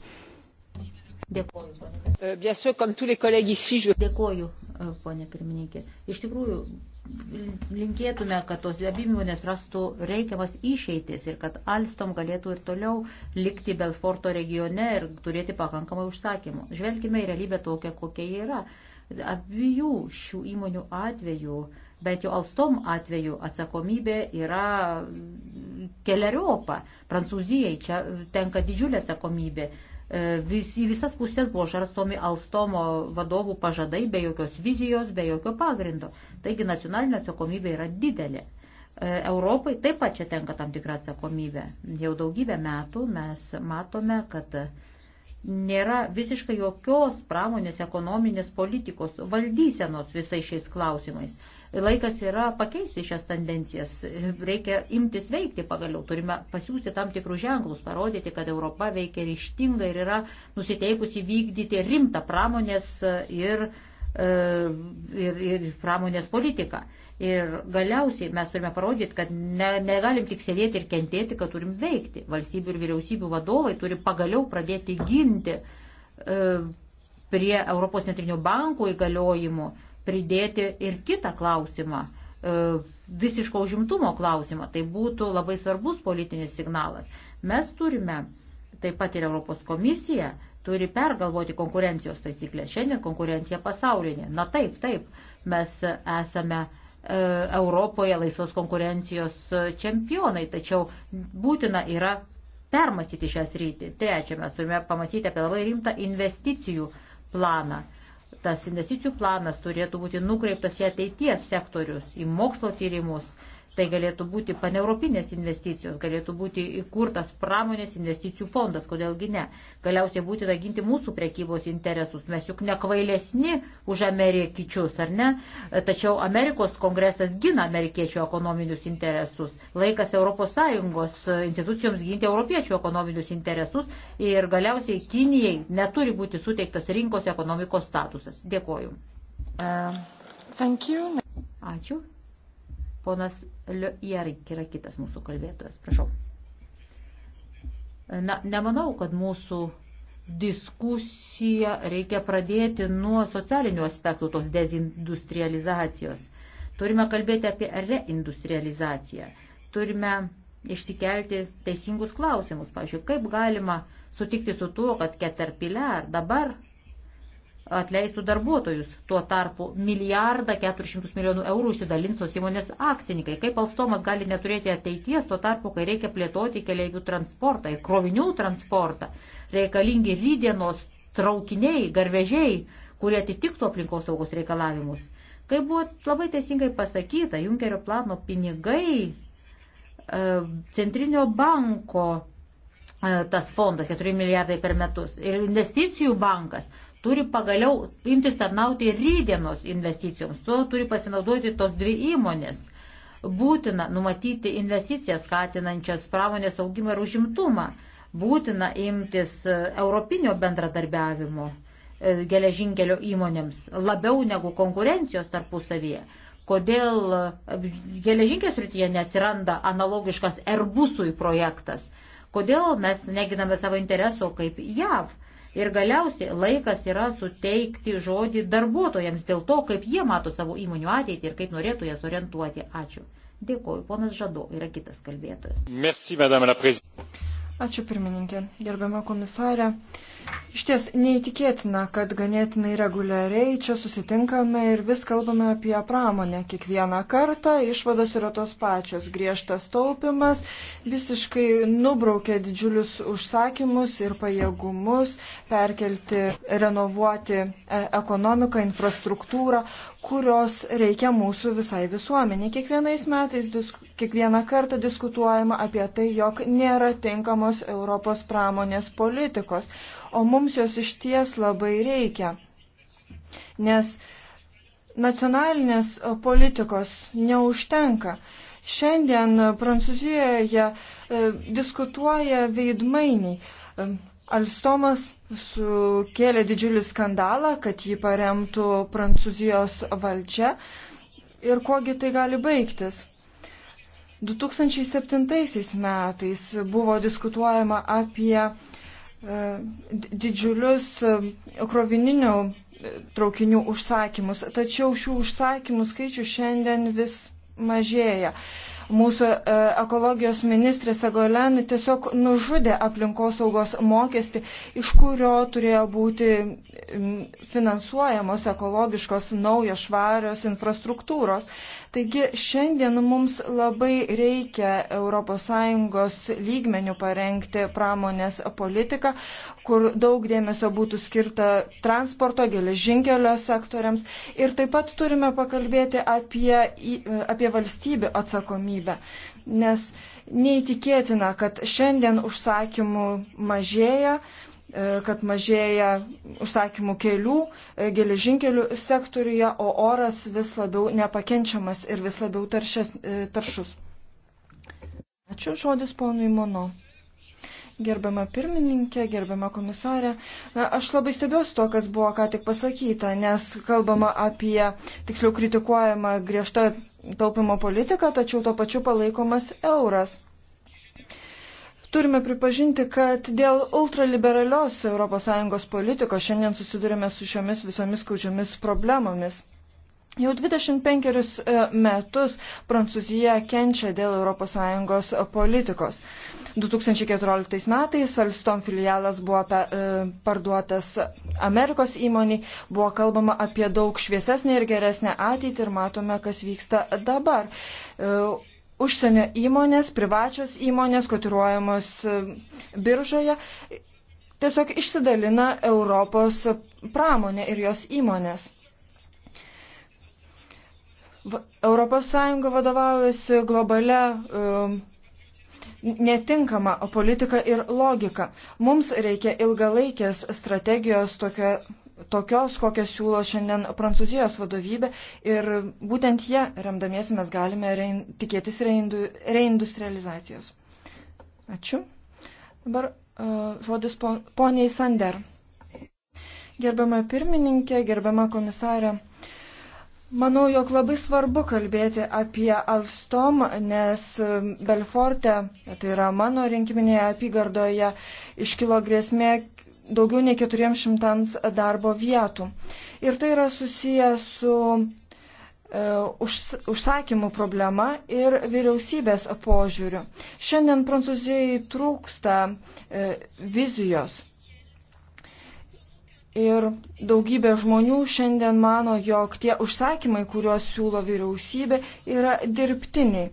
Dėkuoju, e, Dėkuoju, ponė pirmininkė. Iš tikrųjų, linkėtume, kad tos abi įmonės rastų reikiamas išeitis ir kad Alstom galėtų ir toliau likti Belforto regione ir turėti pakankamai užsakymų. Žvelgime į realybę tokią, kokia jie yra. Abiejų šių įmonių atveju uh, bet jau Alstom atveju atsakomybė yra keliariopa. Prancūzijai čia tenka didžiulė atsakomybė. E, vis, į visas pusės buvo žarstomi Alstomo vadovų pažadai be jokios vizijos, be jokio pagrindo. Taigi nacionalinė atsakomybė yra didelė. E, Europai taip pat čia tenka tam tikrą atsakomybę. Jau daugybę metų mes matome, kad nėra visiškai jokios pramonės ekonominės politikos valdysenos visais šiais klausimais. Laikas yra pakeisti šias tendencijas. Reikia imtis veikti pagaliau. Turime pasiūsti tam tikrus ženklus, parodyti, kad Europa veikia ryštingai ir yra nusiteikusi vykdyti rimtą pramonės e, ir e, ir, ir pramonės politiką. Ir galiausiai mes turime parodyti, kad ne, negalim tik sėdėti ir kentėti, kad turim veikti. Valstybių ir vyriausybių vadovai turi pagaliau pradėti ginti e, prie Europos centrinio banko įgaliojimų pridėti ir kitą klausimą e, visiško užimtumo klausimą. Tai būtų labai svarbus politinis signalas. Mes turime, taip pat ir Europos komisija, turi pergalvoti konkurencijos taisyklės. Šiandien konkurencija pasaulinė. Na taip, taip, mes esame e, Europoje laisvos konkurencijos čempionai, tačiau būtina yra permastyti šią sritį. Trečia, mes turime pamastyti apie labai rimtą investicijų planą tas investicijų planas turėtų būti nukreiptas į ateities sektorius, į mokslo tyrimus, Tai galėtų būti paneuropinės investicijos, galėtų būti įkurtas pramonės investicijų fondas, kodėlgi ne. Galiausiai būtina ginti mūsų prekybos interesus. Mes juk nekvailesni už amerikiečius, ar ne? Tačiau Amerikos kongresas gina amerikiečių ekonominius interesus. Laikas ES institucijoms ginti europiečių ekonominius interesus ir galiausiai Kinijai neturi būti suteiktas rinkos ekonomikos statusas. Dėkoju. Uh, Ačiū. Ponas Liojarik yra kitas mūsų kalbėtojas. Prašau. Na, nemanau, kad mūsų diskusiją reikia pradėti nuo socialinių aspektų tos dezindustrializacijos. Turime kalbėti apie reindustrializaciją. Turime išsikelti teisingus klausimus. Pavyzdžiui, kaip galima sutikti su tuo, kad Caterpillar dabar atleistų darbuotojus. Tuo tarpu milijardą 400 milijonų eurų įsidalins tos įmonės akcininkai. Kaip Alstomas gali neturėti ateities, tuo tarpu, kai reikia plėtoti keliaivių transportą ir krovinių transportą, reikalingi rydienos traukiniai, garvežiai, kurie atitiktų aplinkos saugos reikalavimus. Kaip buvo labai teisingai pasakyta, Junkerio plano pinigai e, centrinio banko e, tas fondas 4 milijardai per metus ir investicijų bankas turi pagaliau imtis tarnauti rydienos investicijoms. Tuo turi pasinaudoti tos dvi įmonės. Būtina numatyti investicijas skatinančias pramonės augimą ir užimtumą. Būtina imtis e, europinio bendradarbiavimo e, geležinkelio įmonėms labiau negu konkurencijos tarpusavyje. Kodėl e, geležinkės rytyje neatsiranda analogiškas Airbusui projektas? Kodėl mes neginame savo interesų kaip JAV? Ir galiausiai laikas yra suteikti žodį darbuotojams dėl to, kaip jie mato savo įmonių ateitį ir kaip norėtų jas orientuoti. Ačiū. Dėkoju. Ponas Žado yra kitas kalbėtojas. Merci, Ačiū pirmininkė. Gerbiama komisarė. Iš ties neįtikėtina, kad ganėtinai reguliariai čia susitinkame ir vis kalbame apie pramonę. Kiekvieną kartą išvados yra tos pačios. Griežtas taupimas visiškai nubraukia didžiulius užsakymus ir pajėgumus perkelti, renovuoti e, ekonomiką, infrastruktūrą, kurios reikia mūsų visai visuomeniai. Kiekvienais metais diskusijos Kiekvieną kartą diskutuojama apie tai, jog nėra tinkamos Europos pramonės politikos, o mums jos iš ties labai reikia. Nes nacionalinės politikos neužtenka. Šiandien Prancūzijoje e, diskutuoja veidmainiai. E, Alstomas sukėlė didžiulį skandalą, kad jį paremtų Prancūzijos valdžia. Ir kuogi tai gali baigtis? 2007 metais buvo diskutuojama apie e, didžiulius e, krovininių e, traukinių užsakymus, tačiau šių užsakymų skaičių šiandien vis mažėja. Mūsų e, ekologijos ministrė Sagolen tiesiog nužudė aplinkosaugos mokestį, iš kurio turėjo būti finansuojamos ekologiškos naujos švarios infrastruktūros. Taigi šiandien mums labai reikia ES lygmenių parengti pramonės politiką, kur daug dėmesio būtų skirta transporto, geležinkelio sektoriams. Ir taip pat turime pakalbėti apie, apie valstybių atsakomybę valstybę. Nes neįtikėtina, kad šiandien užsakymų mažėja, e, kad mažėja užsakymų kelių, e, geležinkelių sektoriuje, o oras vis labiau nepakenčiamas ir vis labiau taršes, e, taršus. Ačiū žodis ponui Mono. Gerbiama pirmininkė, gerbiama komisarė, aš labai stebiuosi to, kas buvo ką tik pasakyta, nes kalbama apie, tiksliau kritikuojama griežta taupimo politika, tačiau to pačiu palaikomas euras. Turime pripažinti, kad dėl ultraliberalios ES politikos šiandien susidurime su šiomis visomis skaudžiomis problemomis. Jau 25 e, metus Prancūzija kenčia dėl ES politikos. 2014 metais Alstom filialas buvo pe, e, parduotas Amerikos įmoniai, buvo kalbama apie daug šviesesnę ir geresnę ateitį ir matome, kas vyksta dabar. E, užsienio įmonės, privačios įmonės, kotiruojamos e, biržoje, tiesiog išsidalina Europos pramonė ir jos įmonės. Europos Sąjunga vadovaujasi globale netinkama politika ir logika. Mums reikia ilgalaikės strategijos tokio, tokios, kokią siūlo šiandien Prancūzijos vadovybė ir būtent jie remdamiesi mes galime rein, tikėtis reindu, reindustrializacijos. Ačiū. Dabar uh, žodis po, poniai Sander. Gerbiama pirmininkė, gerbiama komisarė. Uh, Manau, jog labai svarbu kalbėti apie Alstom, nes um, Belforte, tai yra mano rinkiminėje apygardoje, iškilo grėsmė daugiau nei 400 darbo vietų. Ir tai yra susiję su e, užsakymų problema ir vyriausybės požiūriu. Šiandien Prancūzijai trūksta e, vizijos. Ir daugybė žmonių šiandien mano, jog tie užsakymai, kuriuos siūlo vyriausybė, yra dirbtiniai.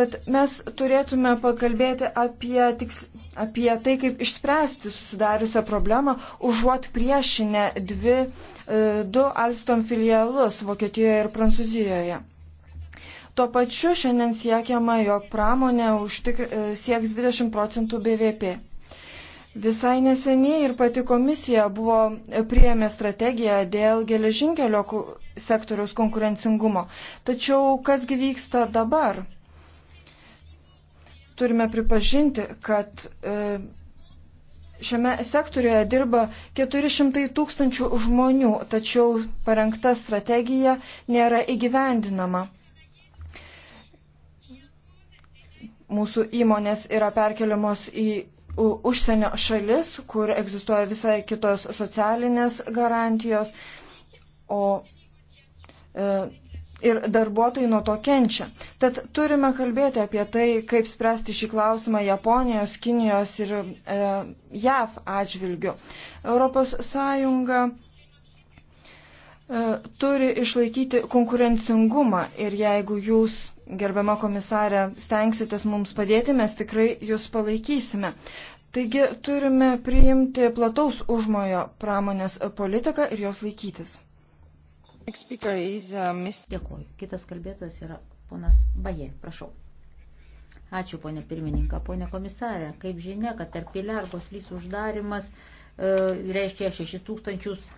Tad mes turėtume pakalbėti apie, tiks, apie tai, kaip išspręsti susidariusią problemą, užuot priešinę dvi, e, du Alstom filialus Vokietijoje ir Prancūzijoje. Tuo pačiu šiandien siekiama, jog pramonė užtikr, e, sieks 20 procentų BVP. Visai neseniai ir pati komisija buvo e, prieėmė strategiją dėl geležinkelio sektoriaus konkurencingumo. Tačiau kasgi vyksta dabar? Turime pripažinti, kad e, šiame sektoriuje dirba 400 tūkstančių žmonių, tačiau parengta strategija nėra įgyvendinama. Mūsų įmonės yra perkeliamos į užsienio šalis, kur egzistuoja visai kitos socialinės garantijos, o e, ir darbuotojai nuo to kenčia. Tad turime kalbėti apie tai, kaip spręsti šį klausimą Japonijos, Kinijos ir e, JAV atžvilgiu. ES e, turi išlaikyti konkurencingumą ir jeigu jūs gerbiama komisarė, stengsitės mums padėti, mes tikrai jūs palaikysime. Taigi turime priimti plataus užmojo pramonės politiką ir jos laikytis. Uh, Dėkuoju. Kitas kalbėtojas yra ponas Baje, prašau. Ačiū, ponė pirmininką, ponė komisarė. Kaip žinia, kad tarp piliargos lys uždarimas e, reiškia 6 tūkstančius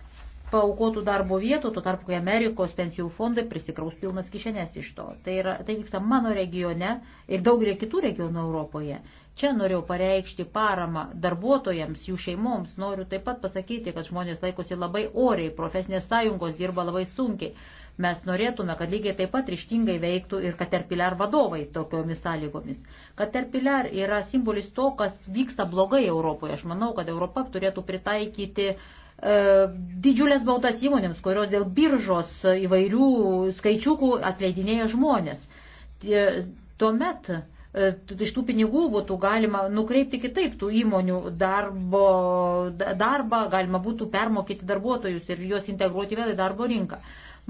paaukotų darbo vietų, tuo tarpu, kai Amerikos pensijų fondai prisikraus pilnas kišenės iš to. Tai, yra, tai vyksta mano regione ir daugelį kitų regionų Europoje. Čia norėjau pareikšti paramą darbuotojams, jų šeimoms. Noriu taip pat pasakyti, kad žmonės laikosi labai oriai, profesinės sąjungos dirba labai sunkiai. Mes norėtume, kad lygiai taip pat ryštingai veiktų ir Caterpillar vadovai tokiomis sąlygomis. Caterpillar yra simbolis to, kas vyksta blogai Europoje. Aš manau, kad Europa turėtų pritaikyti uh, E, didžiulės baudas įmonėms, kurios dėl biržos įvairių skaičiukų atleidinėja žmonės. Tuomet e, iš tų pinigų būtų galima nukreipti kitaip tų įmonių darbo, darbą, galima būtų permokyti darbuotojus ir juos integruoti vėl į darbo rinką.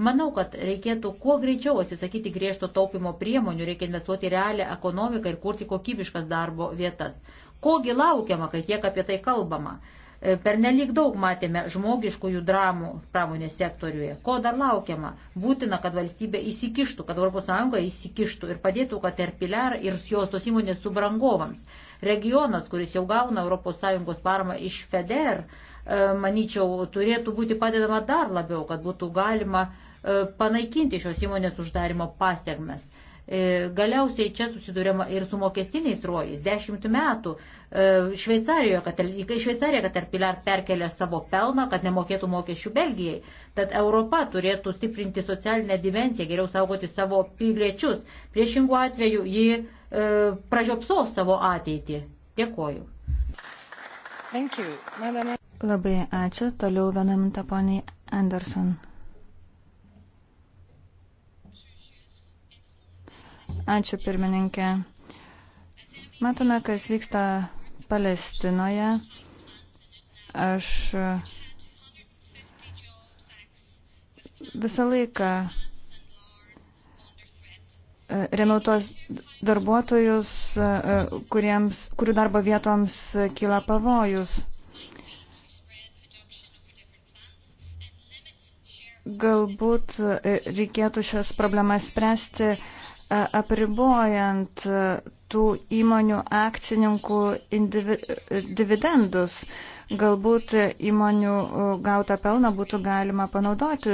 Manau, kad reikėtų kuo greičiau atsisakyti griežto taupimo priemonių, reikia investuoti realią ekonomiką ir kurti kokybiškas darbo vietas. Kogi laukiama, kai tiek apie tai kalbama? E, per nelik daug matėme žmogiškųjų dramų pramonės sektoriuje. Ko dar laukiama? Būtina, kad valstybė įsikištų, kad ES įsikištų ir padėtų, kad Erpiler ir jos tos įmonės subrangovams. Regionas, kuris jau gauna ES paramą iš FEDER, e, manyčiau, turėtų būti padedama dar labiau, kad būtų galima e, panaikinti šios įmonės uždarimo pasiekmes. E, galiausiai čia susidurėma ir su mokestiniais ruojais. Dešimt metų e, Šveicarijoje, kad, Šveicarija, kad Arpilar perkelė savo pelną, kad nemokėtų mokesčių Belgijai. Tad Europa turėtų stiprinti socialinę dimenciją, geriau saugoti savo piliečius. Priešingų atveju ji e, pražiopsos savo ateitį. Dėkoju. Labai ačiū. Toliau vienam taponiai Anderson. Ačiū pirmininkė. Matome, kas vyksta Palestinoje. Aš visą laiką e, remiau tos darbuotojus, e, e, kuriems, kurių darbo vietoms kyla pavojus. Galbūt reikėtų šias problemas spręsti apribojant tų įmonių akcininkų indivi, dividendus. Galbūt įmonių gautą pelną būtų galima panaudoti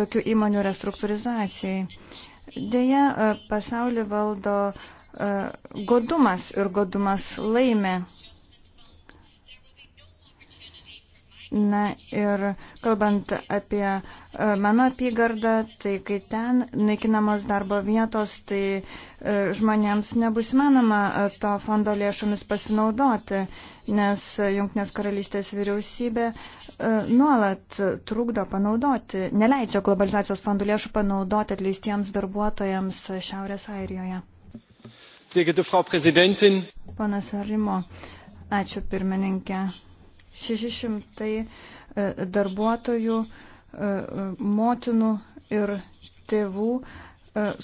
tokių įmonių restruktūrizacijai. Deja, pasaulį valdo godumas ir godumas laimė. Na ir kalbant apie e, mano apygardą, tai kai ten naikinamos darbo vietos, tai e, žmonėms nebus manoma e, to fondo lėšomis pasinaudoti, nes Junktinės karalystės vyriausybė nuolat trukdo panaudoti, neleidžia globalizacijos fondų lėšų panaudoti atleistiems darbuotojams Šiaurės Airijoje. Panas Arimo, ačiū pirmininkė. 600 e, darbuotojų, e, e, motinų ir tėvų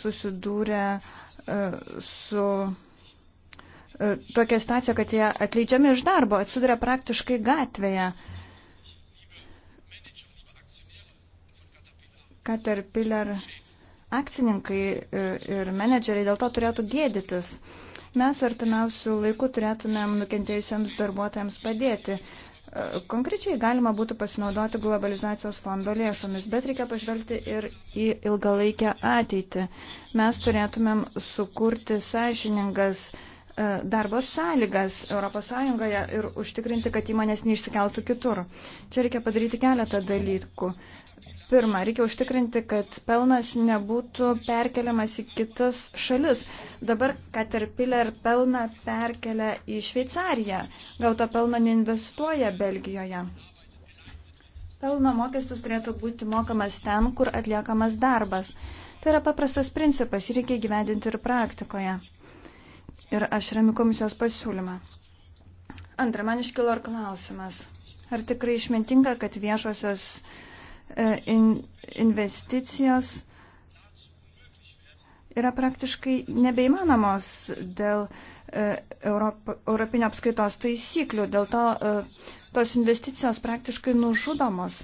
susidūrė su tokia situacija, kad jie atleidžiami iš darbo, atsiduria praktiškai gatvėje. Caterpillar akcininkai ir menedžeriai dėl to turėtų gėdytis. Mes artimiausių laikų turėtumėm nukentėjusiems darbuotojams padėti. Konkrečiai galima būtų pasinaudoti globalizacijos fondo lėšomis, bet reikia pažvelgti ir į ilgalaikę ateitį. Mes turėtumėm sukurti sąžiningas e, darbo sąlygas ES ir užtikrinti, kad įmonės neišsikeltų kitur. Čia reikia padaryti keletą dalykų. Pirma, reikia užtikrinti, kad pelnas nebūtų perkeliamas į kitas šalis. Dabar Caterpillar pelną perkelia į Šveicariją, gal to pelno neinvestuoja Belgijoje. Pelno mokestis turėtų būti mokamas ten, kur atliekamas darbas. Tai yra paprastas principas, jį reikia gyvendinti ir praktikoje. Ir aš remiu komisijos pasiūlymą. Antra, man iškilo ir klausimas. Ar tikrai išmintinga, kad viešosios E, investicijos yra praktiškai nebeįmanomos dėl e, Europ, europinio apskaitos taisyklių. Dėl to e, tos investicijos praktiškai nužudomos.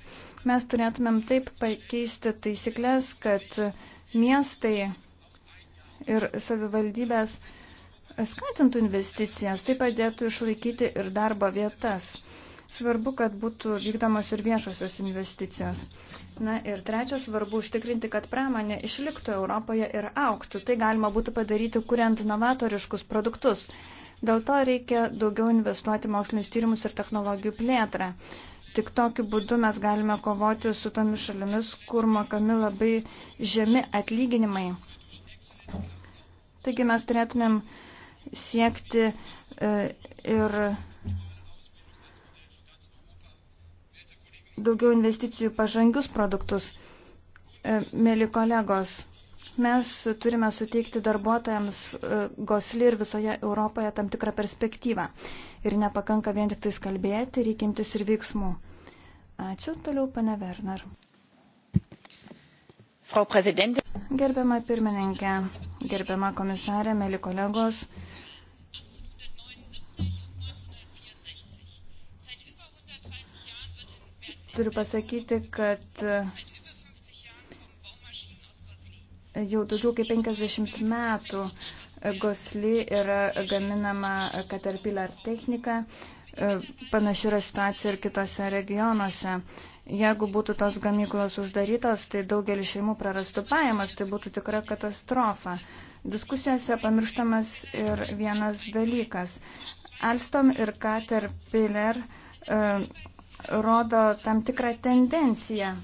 Mes turėtumėm taip pakeisti taisyklės, kad miestai ir savivaldybės skatintų investicijas, tai padėtų išlaikyti ir darbo vietas. Svarbu, kad būtų vykdomos ir viešosios investicijos. Na ir trečia, svarbu užtikrinti, kad pramonė išliktų Europoje ir auktų. Tai galima būtų padaryti, kuriant novatoriškus produktus. Dėl to reikia daugiau investuoti mokslinis tyrimus ir technologijų plėtrą. Tik tokiu būdu mes galime kovoti su tomis šalimis, kur mokami labai žemi atlyginimai. Taigi mes turėtumėm siekti e, ir daugiau investicijų pažangius produktus. E, mėly kolegos, mes turime suteikti darbuotojams e, Gosli ir visoje Europoje tam tikrą perspektyvą. Ir nepakanka vien tik tais kalbėti, reikimtis ir veiksmų. Ačiū, toliau pane Werner. Frau Gerbiama pirmininkė, gerbiama komisarė, mėly kolegos. Turiu pasakyti, kad e, jau daugiau kaip 50 metų gosli yra gaminama Caterpillar technika. E, panaši yra situacija ir kitose regionuose. Jeigu būtų tos gamyklos uždarytos, tai daugelis šeimų prarastų pajamas, tai būtų tikra katastrofa. Diskusijose pamirštamas ir vienas dalykas. Alstom ir Caterpillar uh, rodo tam tikrą tendenciją.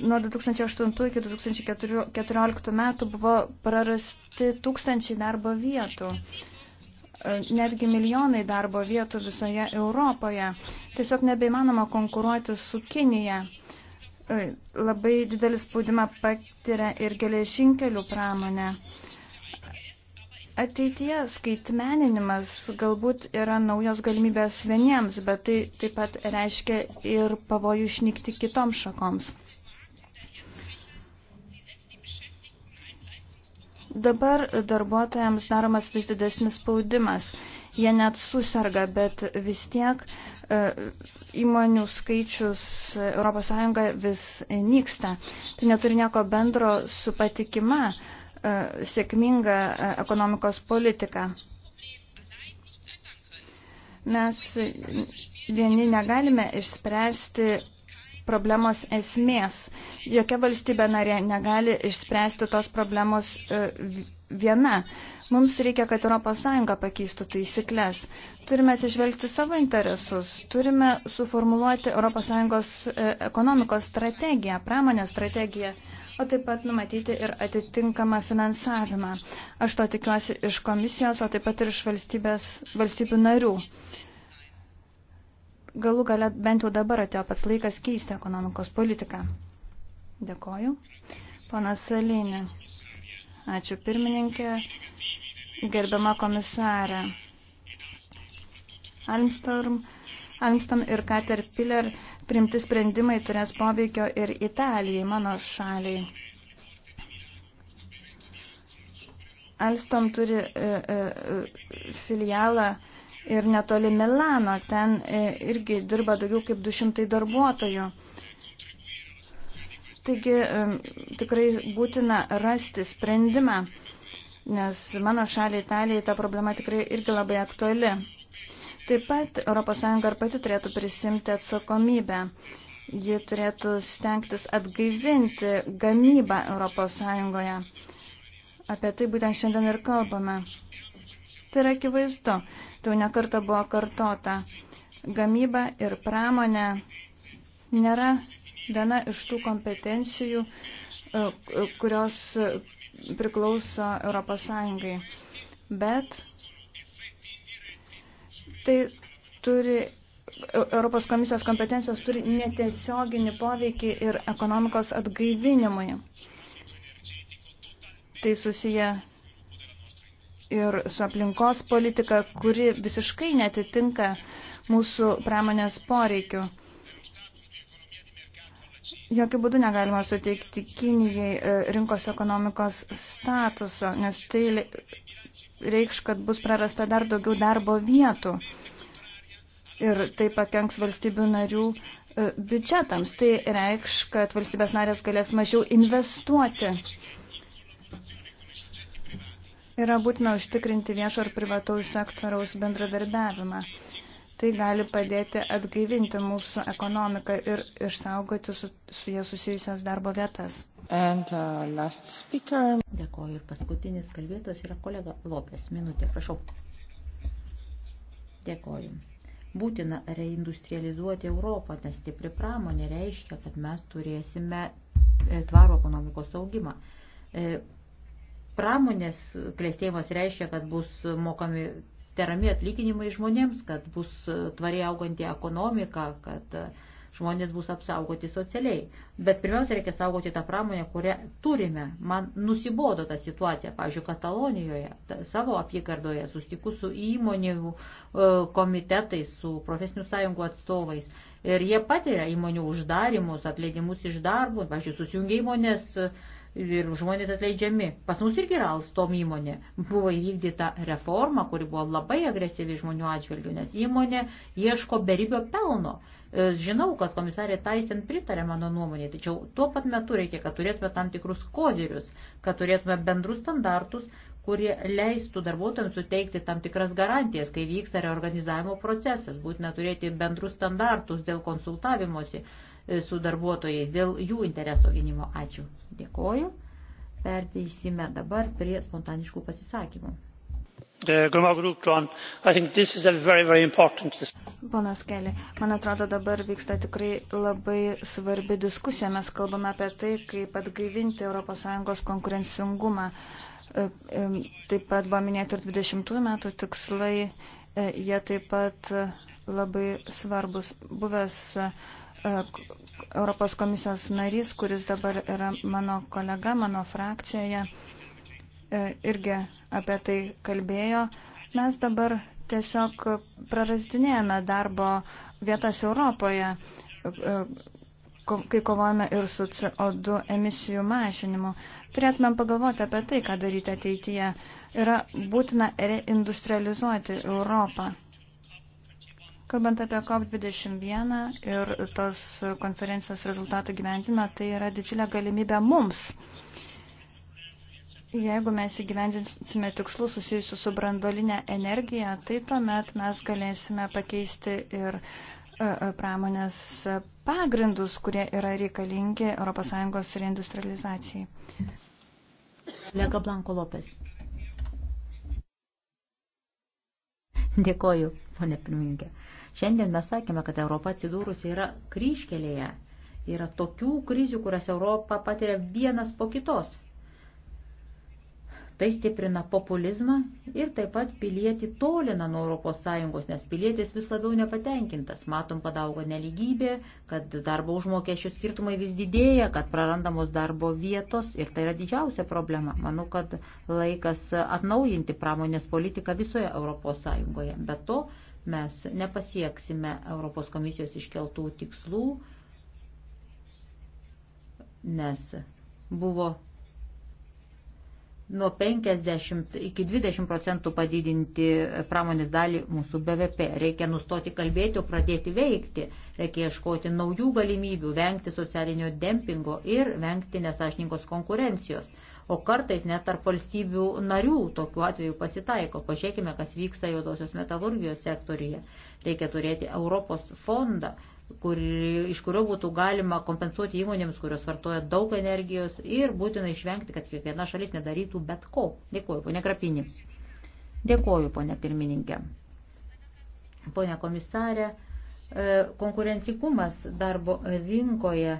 Nuo 2008 iki 2014 metų buvo prarasti tūkstančiai darbo vietų netgi milijonai darbo vietų visoje Europoje. Tiesiog nebeimanoma konkuruoti su Kinija. Labai didelis spaudimą patiria ir geležinkelių pramonė. Ateityje skaitmeninimas galbūt yra naujos galimybės vieniems, bet tai taip pat reiškia ir pavojų išnykti kitoms šakoms. Dabar darbuotojams daromas vis didesnis spaudimas. Jie net susirga, bet vis tiek e, įmonių skaičius ES vis nyksta. Tai neturi nieko bendro su patikima E, sėkmingą e, ekonomikos politiką. Mes vieni negalime išspręsti problemos esmės. Jokia valstybė narė negali išspręsti tos problemos e, viena. Mums reikia, kad ES pakeistų taisyklės. Turime atsižvelgti savo interesus, turime suformuluoti ES e, ekonomikos strategiją, pramonės strategiją, o taip pat numatyti ir atitinkamą finansavimą. Aš to tikiuosi iš komisijos, o taip pat ir iš valstybių narių galų gale bent jau dabar atėjo pats laikas keisti ekonomikos politiką. Dėkoju. Pana Salinė. Ačiū pirmininkė. Gerbiama komisarė. Almstorm. Almstom ir Caterpillar primti sprendimai turės poveikio ir Italijai, mano šaliai. Alstom turi e, e, filialą e, ir netoli Milano. Ten e, irgi dirba daugiau kaip 200 darbuotojų. Taigi e, tikrai būtina rasti sprendimą, nes mano šaliai Italijai ta problema tikrai irgi labai aktuali. Taip pat ES ir pati turėtų prisimti atsakomybę. Ji turėtų stengtis atgaivinti gamybą ES. Apie tai būtent šiandien ir kalbame. Tai yra akivaizdu. Tai jau nekarta buvo kartota. Gamyba ir pramonė nėra viena iš tų kompetencijų, e, kurios priklauso ES. Bet tai turi e, Europos komisijos kompetencijos turi netiesioginį poveikį ir ekonomikos atgaivinimui. Tai susiję ir su aplinkos politika, kuri visiškai netitinka mūsų pramonės poreikių. Jokių būdų negalima suteikti Kinijai e, rinkos ekonomikos statuso, nes tai reikš, kad bus prarasta dar daugiau darbo vietų. Ir tai pakenks valstybių narių e, biudžetams. Tai reikš, kad valstybės narės galės mažiau investuoti Yra būtina užtikrinti viešo ir privataus sektoriaus bendradarbiavimą. Tai gali padėti atgaivinti mūsų ekonomiką ir išsaugoti su, su jie susijusias darbo vietas. And, uh, Dėkoju ir paskutinis kalbėtojas yra kolega Lopės. Minutė, prašau. Dėkoju. Būtina reindustrializuoti Europą, nes stipri pramonė reiškia, kad mes turėsime e, tvarų ekonomikos augimą. E, pramonės klėstėjimas reiškia, kad bus mokami terami atlyginimai žmonėms, kad bus tvariai auganti ekonomika, kad žmonės bus apsaugoti socialiai. Bet pirmiausia, reikia saugoti tą pramonę, kurią turime. Man nusibodo ta situacija, pavyzdžiui, Katalonijoje, ta, savo apygardoje, susitikus su įmonių e, komitetais, su profesinių sąjungų atstovais. Ir jie patiria įmonių uždarimus, atleidimus iš darbų, pavyzdžiui, susijungia įmonės. Uh, ir žmonės atleidžiami. Pas mus irgi yra Alstom įmonė. Buvo įvykdyta reforma, kuri buvo labai agresyvi žmonių atžvilgių, nes įmonė ieško beribio pelno. E, žinau, kad komisarė Taisen pritarė mano nuomonė, tačiau tuo pat metu reikia, kad turėtume tam tikrus kozirius, kad turėtume bendrus standartus, kurie leistų darbuotojams suteikti tam tikras garantijas, kai vyksta reorganizavimo procesas. Būtina turėti bendrus standartus dėl konsultavimosi, su darbuotojais dėl jų intereso gynimo. Ačiū. Dėkoju. Perteisime dabar prie spontaniškų pasisakymų. Ponas Kelė, man atrodo dabar vyksta tikrai labai svarbi diskusija. Mes kalbame apie tai, kaip atgaivinti ES konkurencingumą. E, e, taip pat buvo minėti ir 20 metų tikslai. E, jie taip pat labai svarbus. Buvęs uh, E, Europos komisijos narys, kuris dabar yra mano kolega, mano frakcijoje, e, irgi apie tai kalbėjo. Mes dabar tiesiog prarastinėjame darbo vietas Europoje, e, kai kovojame ir su CO2 emisijų mažinimu. Turėtumėm pagalvoti apie tai, ką daryti ateityje. Yra būtina reindustrializuoti Europą. Kalbant apie COP21 ir tos konferencijos rezultatų gyventimą, tai yra didžiulė galimybė mums. Jeigu mes įgyvendinsime tikslus susijusius su brandolinė energija, tai tuomet mes galėsime pakeisti ir e, e, pramonės pagrindus, kurie yra reikalingi ES reindustrializacijai. Lega Blanko Lopes. Dėkoju, ponė pirmininkė. Šiandien mes sakėme, kad Europa atsidūrusi yra kryškelėje. Yra tokių krizių, kurias Europa patiria vienas po kitos. Tai stiprina populizmą ir taip pat pilietį tolina nuo ES, nes pilietis vis labiau nepatenkintas. Matom, kad auga neligybė, kad darbo užmokesčių skirtumai vis didėja, kad prarandamos darbo vietos ir tai yra didžiausia problema. Manau, kad laikas atnaujinti pramonės politiką visoje ES. Be to, mes nepasieksime Europos komisijos iškeltų tikslų, nes buvo nuo 50 iki 20 procentų padidinti pramonės dalį mūsų BVP. Reikia nustoti kalbėti, o pradėti veikti. Reikia ieškoti naujų galimybių, vengti socialinio dempingo ir vengti nesažininkos konkurencijos o kartais net tarp valstybių narių tokiu atveju pasitaiko. Pažiūrėkime, kas vyksta juodosios metalurgijos sektoriuje. Reikia turėti Europos fondą, kur, iš kurio būtų galima kompensuoti įmonėms, kurios vartoja daug energijos ir būtina išvengti, kad kiekviena šalis nedarytų bet ko. Dėkuoju, ponė Krapinį. Dėkuoju, ponė pirmininkė. Pone komisarė, e, konkurencikumas darbo rinkoje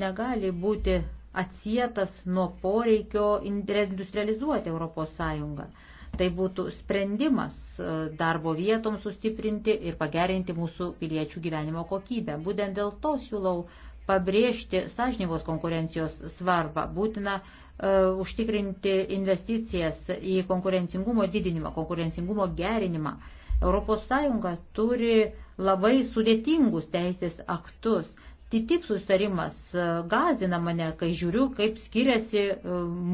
negali būti atsietas nuo poreikio industrializuoti ES. Tai būtų sprendimas e, darbo vietoms sustiprinti ir pagerinti mūsų piliečių gyvenimo kokybę. Būtent dėl to siūlau pabrėžti sąžiningos konkurencijos svarbą. Būtina uh, užtikrinti investicijas į konkurencingumo didinimą, konkurencingumo gerinimą. ES turi labai sudėtingus teisės aktus TTIP sustarimas e, gazdina mane, kai žiūriu, kaip skiriasi e,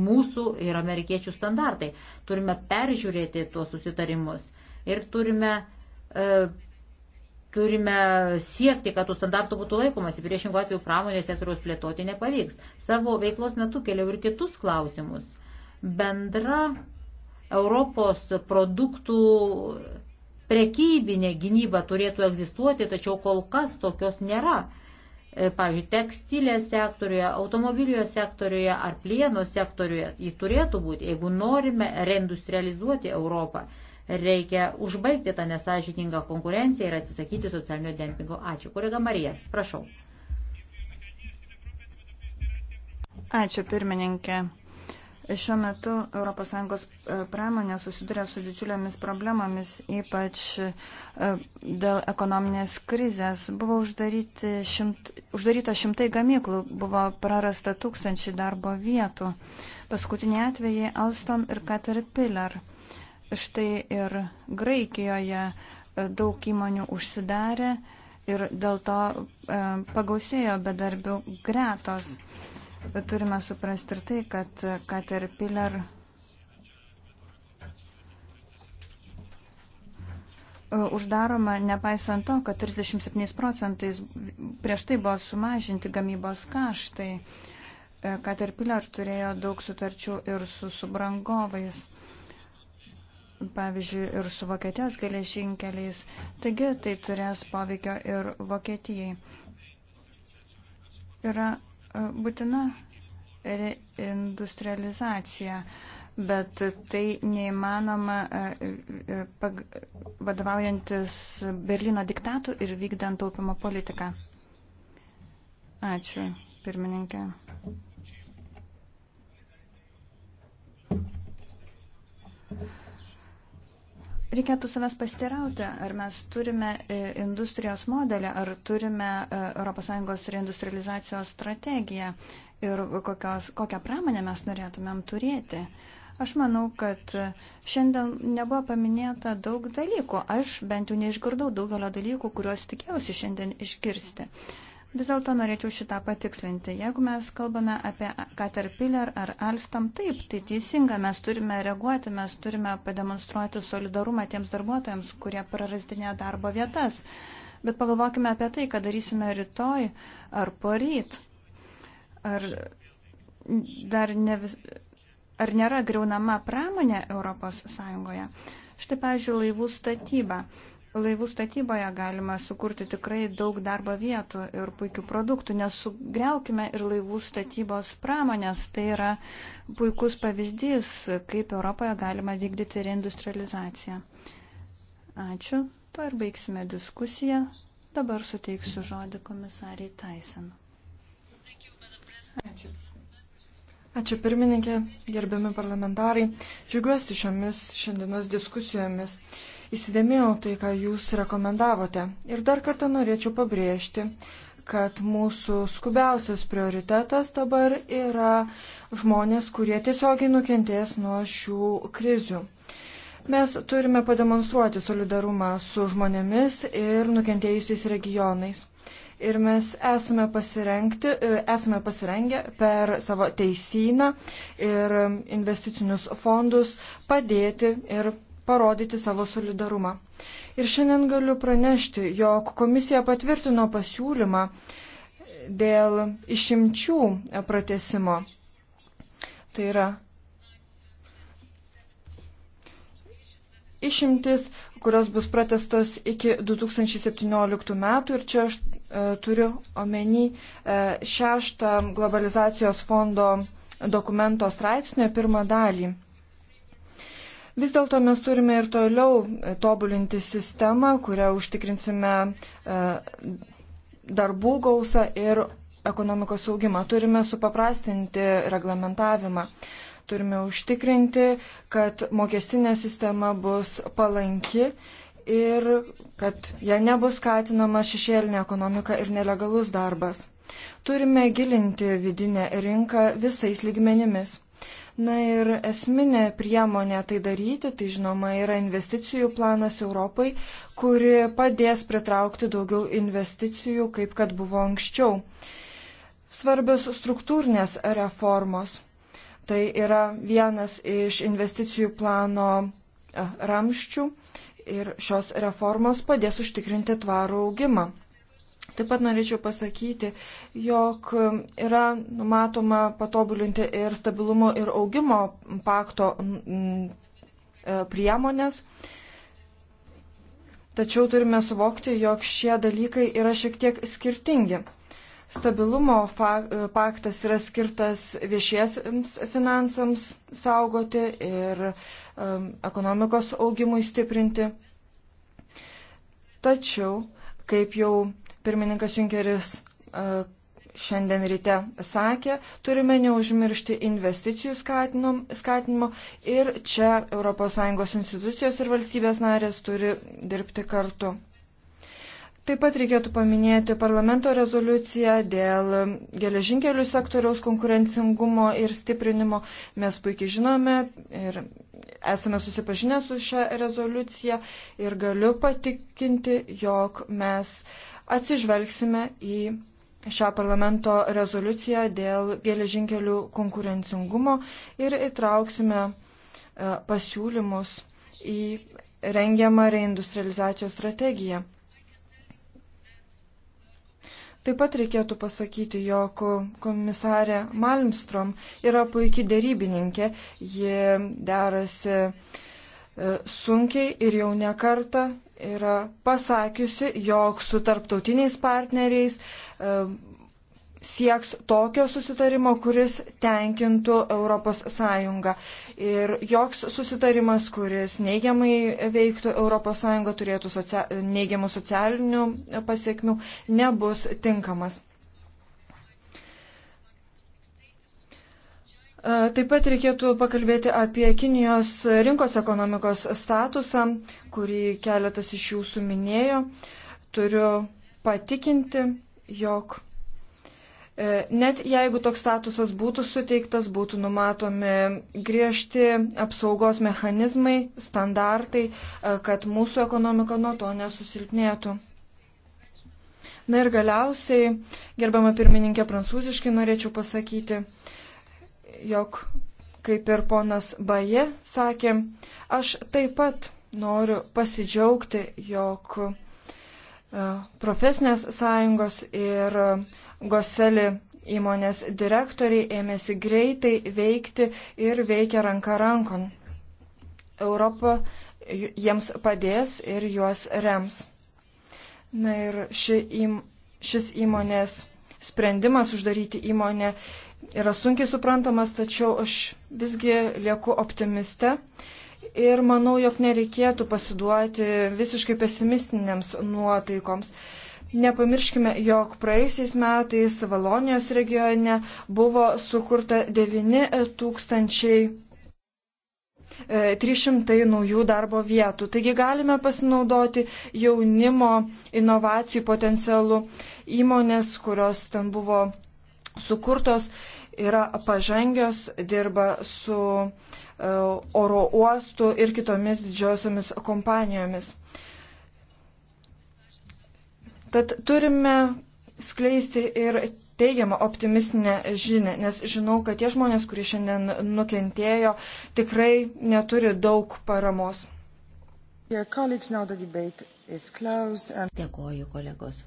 mūsų ir amerikiečių standartai. Turime peržiūrėti tuos susitarimus ir turime, e, turime siekti, kad tų standartų būtų laikomas. Priešingų atveju pramonės sektoriaus plėtoti nepavyks. Savo veiklos metu keliau ir kitus klausimus. Bendra Europos produktų prekybinė gynyba turėtų egzistuoti, tačiau kol kas tokios nėra. E, pavyzdžiui, tekstilės sektoriuje, automobilio sektoriuje ar plieno sektoriuje. Ji turėtų būti, jeigu norime reindustrializuoti Europą, reikia užbaigti tą nesažiningą konkurenciją ir atsisakyti socialinio dempingo. Ačiū. Kolega Marijas, prašau. Ačiū, pirmininkė. Šiuo metu ES e, pramonė susiduria su didžiulėmis problemomis, ypač e, dėl ekonominės krizės. Buvo šimt, uždaryta šimtai gamyklų, buvo prarasta tūkstančiai darbo vietų. Paskutiniai atvejai Alstom ir Caterpillar. Štai ir Graikijoje e, daug įmonių užsidarė ir dėl to pagausėjo bedarbių gretos. Bet turime suprasti ir tai, kad Caterpillar uždaroma, nepaisant to, kad 37 procentais prieš tai buvo sumažinti gamybos kaštai. Caterpillar turėjo daug sutarčių ir su subrangovais, pavyzdžiui, ir su Vokietijos geležinkeliais. Taigi tai turės poveikio ir Vokietijai. Yra E, būtina reindustrializacija, bet tai neįmanoma e, e, vadovaujantis Berlyno diktatų ir vykdant taupimo politiką. Ačiū, pirmininkė. Reikėtų savęs pastirauti, ar mes turime e, industrijos modelį, ar turime ES reindustrializacijos strategiją ir kokios, kokią pramonę mes norėtumėm turėti. Aš manau, kad e, šiandien nebuvo paminėta daug dalykų. Aš bent jau neišgirdau daugelio dalykų, kuriuos tikėjausi šiandien išgirsti. Uh, Vis dėlto norėčiau šitą patikslinti. Jeigu mes kalbame apie Caterpillar ar Alstom, taip, tai teisinga, mes turime reaguoti, mes turime pademonstruoti solidarumą tiems darbuotojams, kurie prarastinė darbo vietas. Bet pagalvokime apie tai, ką darysime rytoj ar poryt. Ar dar ne vis. Ar nėra greunama pramonė Europos Sąjungoje? Štai, pavyzdžiui, laivų statyba laivų statyboje galima sukurti tikrai daug darbo vietų ir puikių produktų. Nesugriaukime ir laivų statybos pramonės. Tai yra puikus pavyzdys, kaip Europoje galima vykdyti reindustrializaciją. Ačiū. Tuo ir baigsime diskusiją. Dabar suteiksiu žodį komisariai Tyson. Ačiū. Ačiū pirmininkė, gerbiami parlamentarai. Džiugiuosi šiomis šiandienos diskusijomis. Uh, įsidėmėjau tai, ką jūs rekomendavote. Ir dar kartą norėčiau pabrėžti, kad mūsų skubiausias prioritetas dabar yra žmonės, kurie tiesiogiai nukentės nuo šių krizių. Mes turime pademonstruoti solidarumą su žmonėmis ir nukentėjusiais regionais. Ir mes esame, e, esame pasirengę per savo teisyną ir investicinius fondus padėti ir parodyti savo solidarumą. Ir šiandien galiu pranešti, jog komisija patvirtino pasiūlymą dėl išimčių pratesimo. Tai yra išimtis, kurios bus pratestos iki 2017 metų ir čia aš e, turiu omeny e, šeštą globalizacijos fondo dokumento straipsnio pirmą dalį. Vis dėlto mes turime ir toliau e, tobulinti sistemą, kurią užtikrinsime e, darbų gausą ir ekonomikos augimą. Turime supaprastinti reglamentavimą. Turime užtikrinti, kad mokestinė sistema bus palanki ir kad ją nebus skatinama šešėlinė ekonomika ir nelegalus darbas. Turime gilinti vidinę rinką visais lygmenimis. Na ir esminė priemonė tai daryti, tai žinoma, yra investicijų planas Europai, kuri padės pritraukti daugiau investicijų, kaip kad buvo anksčiau. Svarbios struktūrinės reformos. Tai yra vienas iš investicijų plano ramščių ir šios reformos padės užtikrinti tvarų augimą. Taip pat norėčiau pasakyti, jog yra numatoma patobulinti ir stabilumo ir augimo pakto e, priemonės. Tačiau turime suvokti, jog šie dalykai yra šiek tiek skirtingi. Stabilumo e, paktas yra skirtas viešiesiems finansams saugoti ir um, ekonomikos augimui stiprinti. Tačiau, kaip jau pirmininkas Junkeris e, šiandien ryte sakė, turime neužmiršti investicijų skatinimo ir čia ES institucijos ir valstybės narės turi dirbti kartu. Taip pat reikėtų paminėti parlamento rezoliuciją dėl geležinkelių sektoriaus konkurencingumo ir stiprinimo. Mes puikiai žinome ir esame susipažinę su šią rezoliuciją ir galiu patikinti, jog mes uh, atsižvelgsime į šią parlamento rezoliuciją dėl geležinkelių konkurencingumo ir įtrauksime e, pasiūlymus į rengiamą reindustrializacijos strategiją. Taip pat reikėtų pasakyti, jog komisarė Malmstrom yra puikiai dėrybininkė, ji derasi e, sunkiai ir jau ne kartą yra pasakiusi, jog su tarptautiniais partneriais sieks tokio susitarimo, kuris tenkintų ES. Ir joks susitarimas, kuris neigiamai veiktų ES, turėtų socia neigiamų socialinių pasiekmių, nebus tinkamas. E, taip pat reikėtų pakalbėti apie Kinijos rinkos ekonomikos statusą, kurį keletas iš jūsų minėjo. Turiu patikinti, jog e, net jeigu toks statusas būtų suteiktas, būtų numatomi griežti apsaugos mechanizmai, standartai, e, kad mūsų ekonomika nuo to nesusilpnėtų. Na ir galiausiai, gerbama pirmininkė, prancūziškai norėčiau pasakyti, jog, kaip ir ponas Baje sakė, aš taip pat noriu pasidžiaugti, jog e, profesinės sąjungos ir Goseli įmonės direktoriai ėmėsi greitai veikti ir veikia ranka rankon. Europa jiems padės ir juos rems. Na ir ši, šis įmonės sprendimas uždaryti įmonę yra sunkiai suprantamas, tačiau aš visgi lieku optimiste ir manau, jog nereikėtų pasiduoti visiškai pesimistinėms nuotaikoms. Nepamirškime, jog praėjusiais metais Valonijos regione buvo sukurta 9300 e, naujų darbo vietų. Taigi galime pasinaudoti jaunimo inovacijų potencialų įmonės, kurios ten buvo sukurtos, yra pažangios, dirba su e, oro uostu ir kitomis didžiosiomis kompanijomis. Tad turime skleisti ir teigiamą optimistinę žinę, nes žinau, kad tie žmonės, kurie šiandien nukentėjo, tikrai neturi daug paramos. And... Dėkoju, kolegos.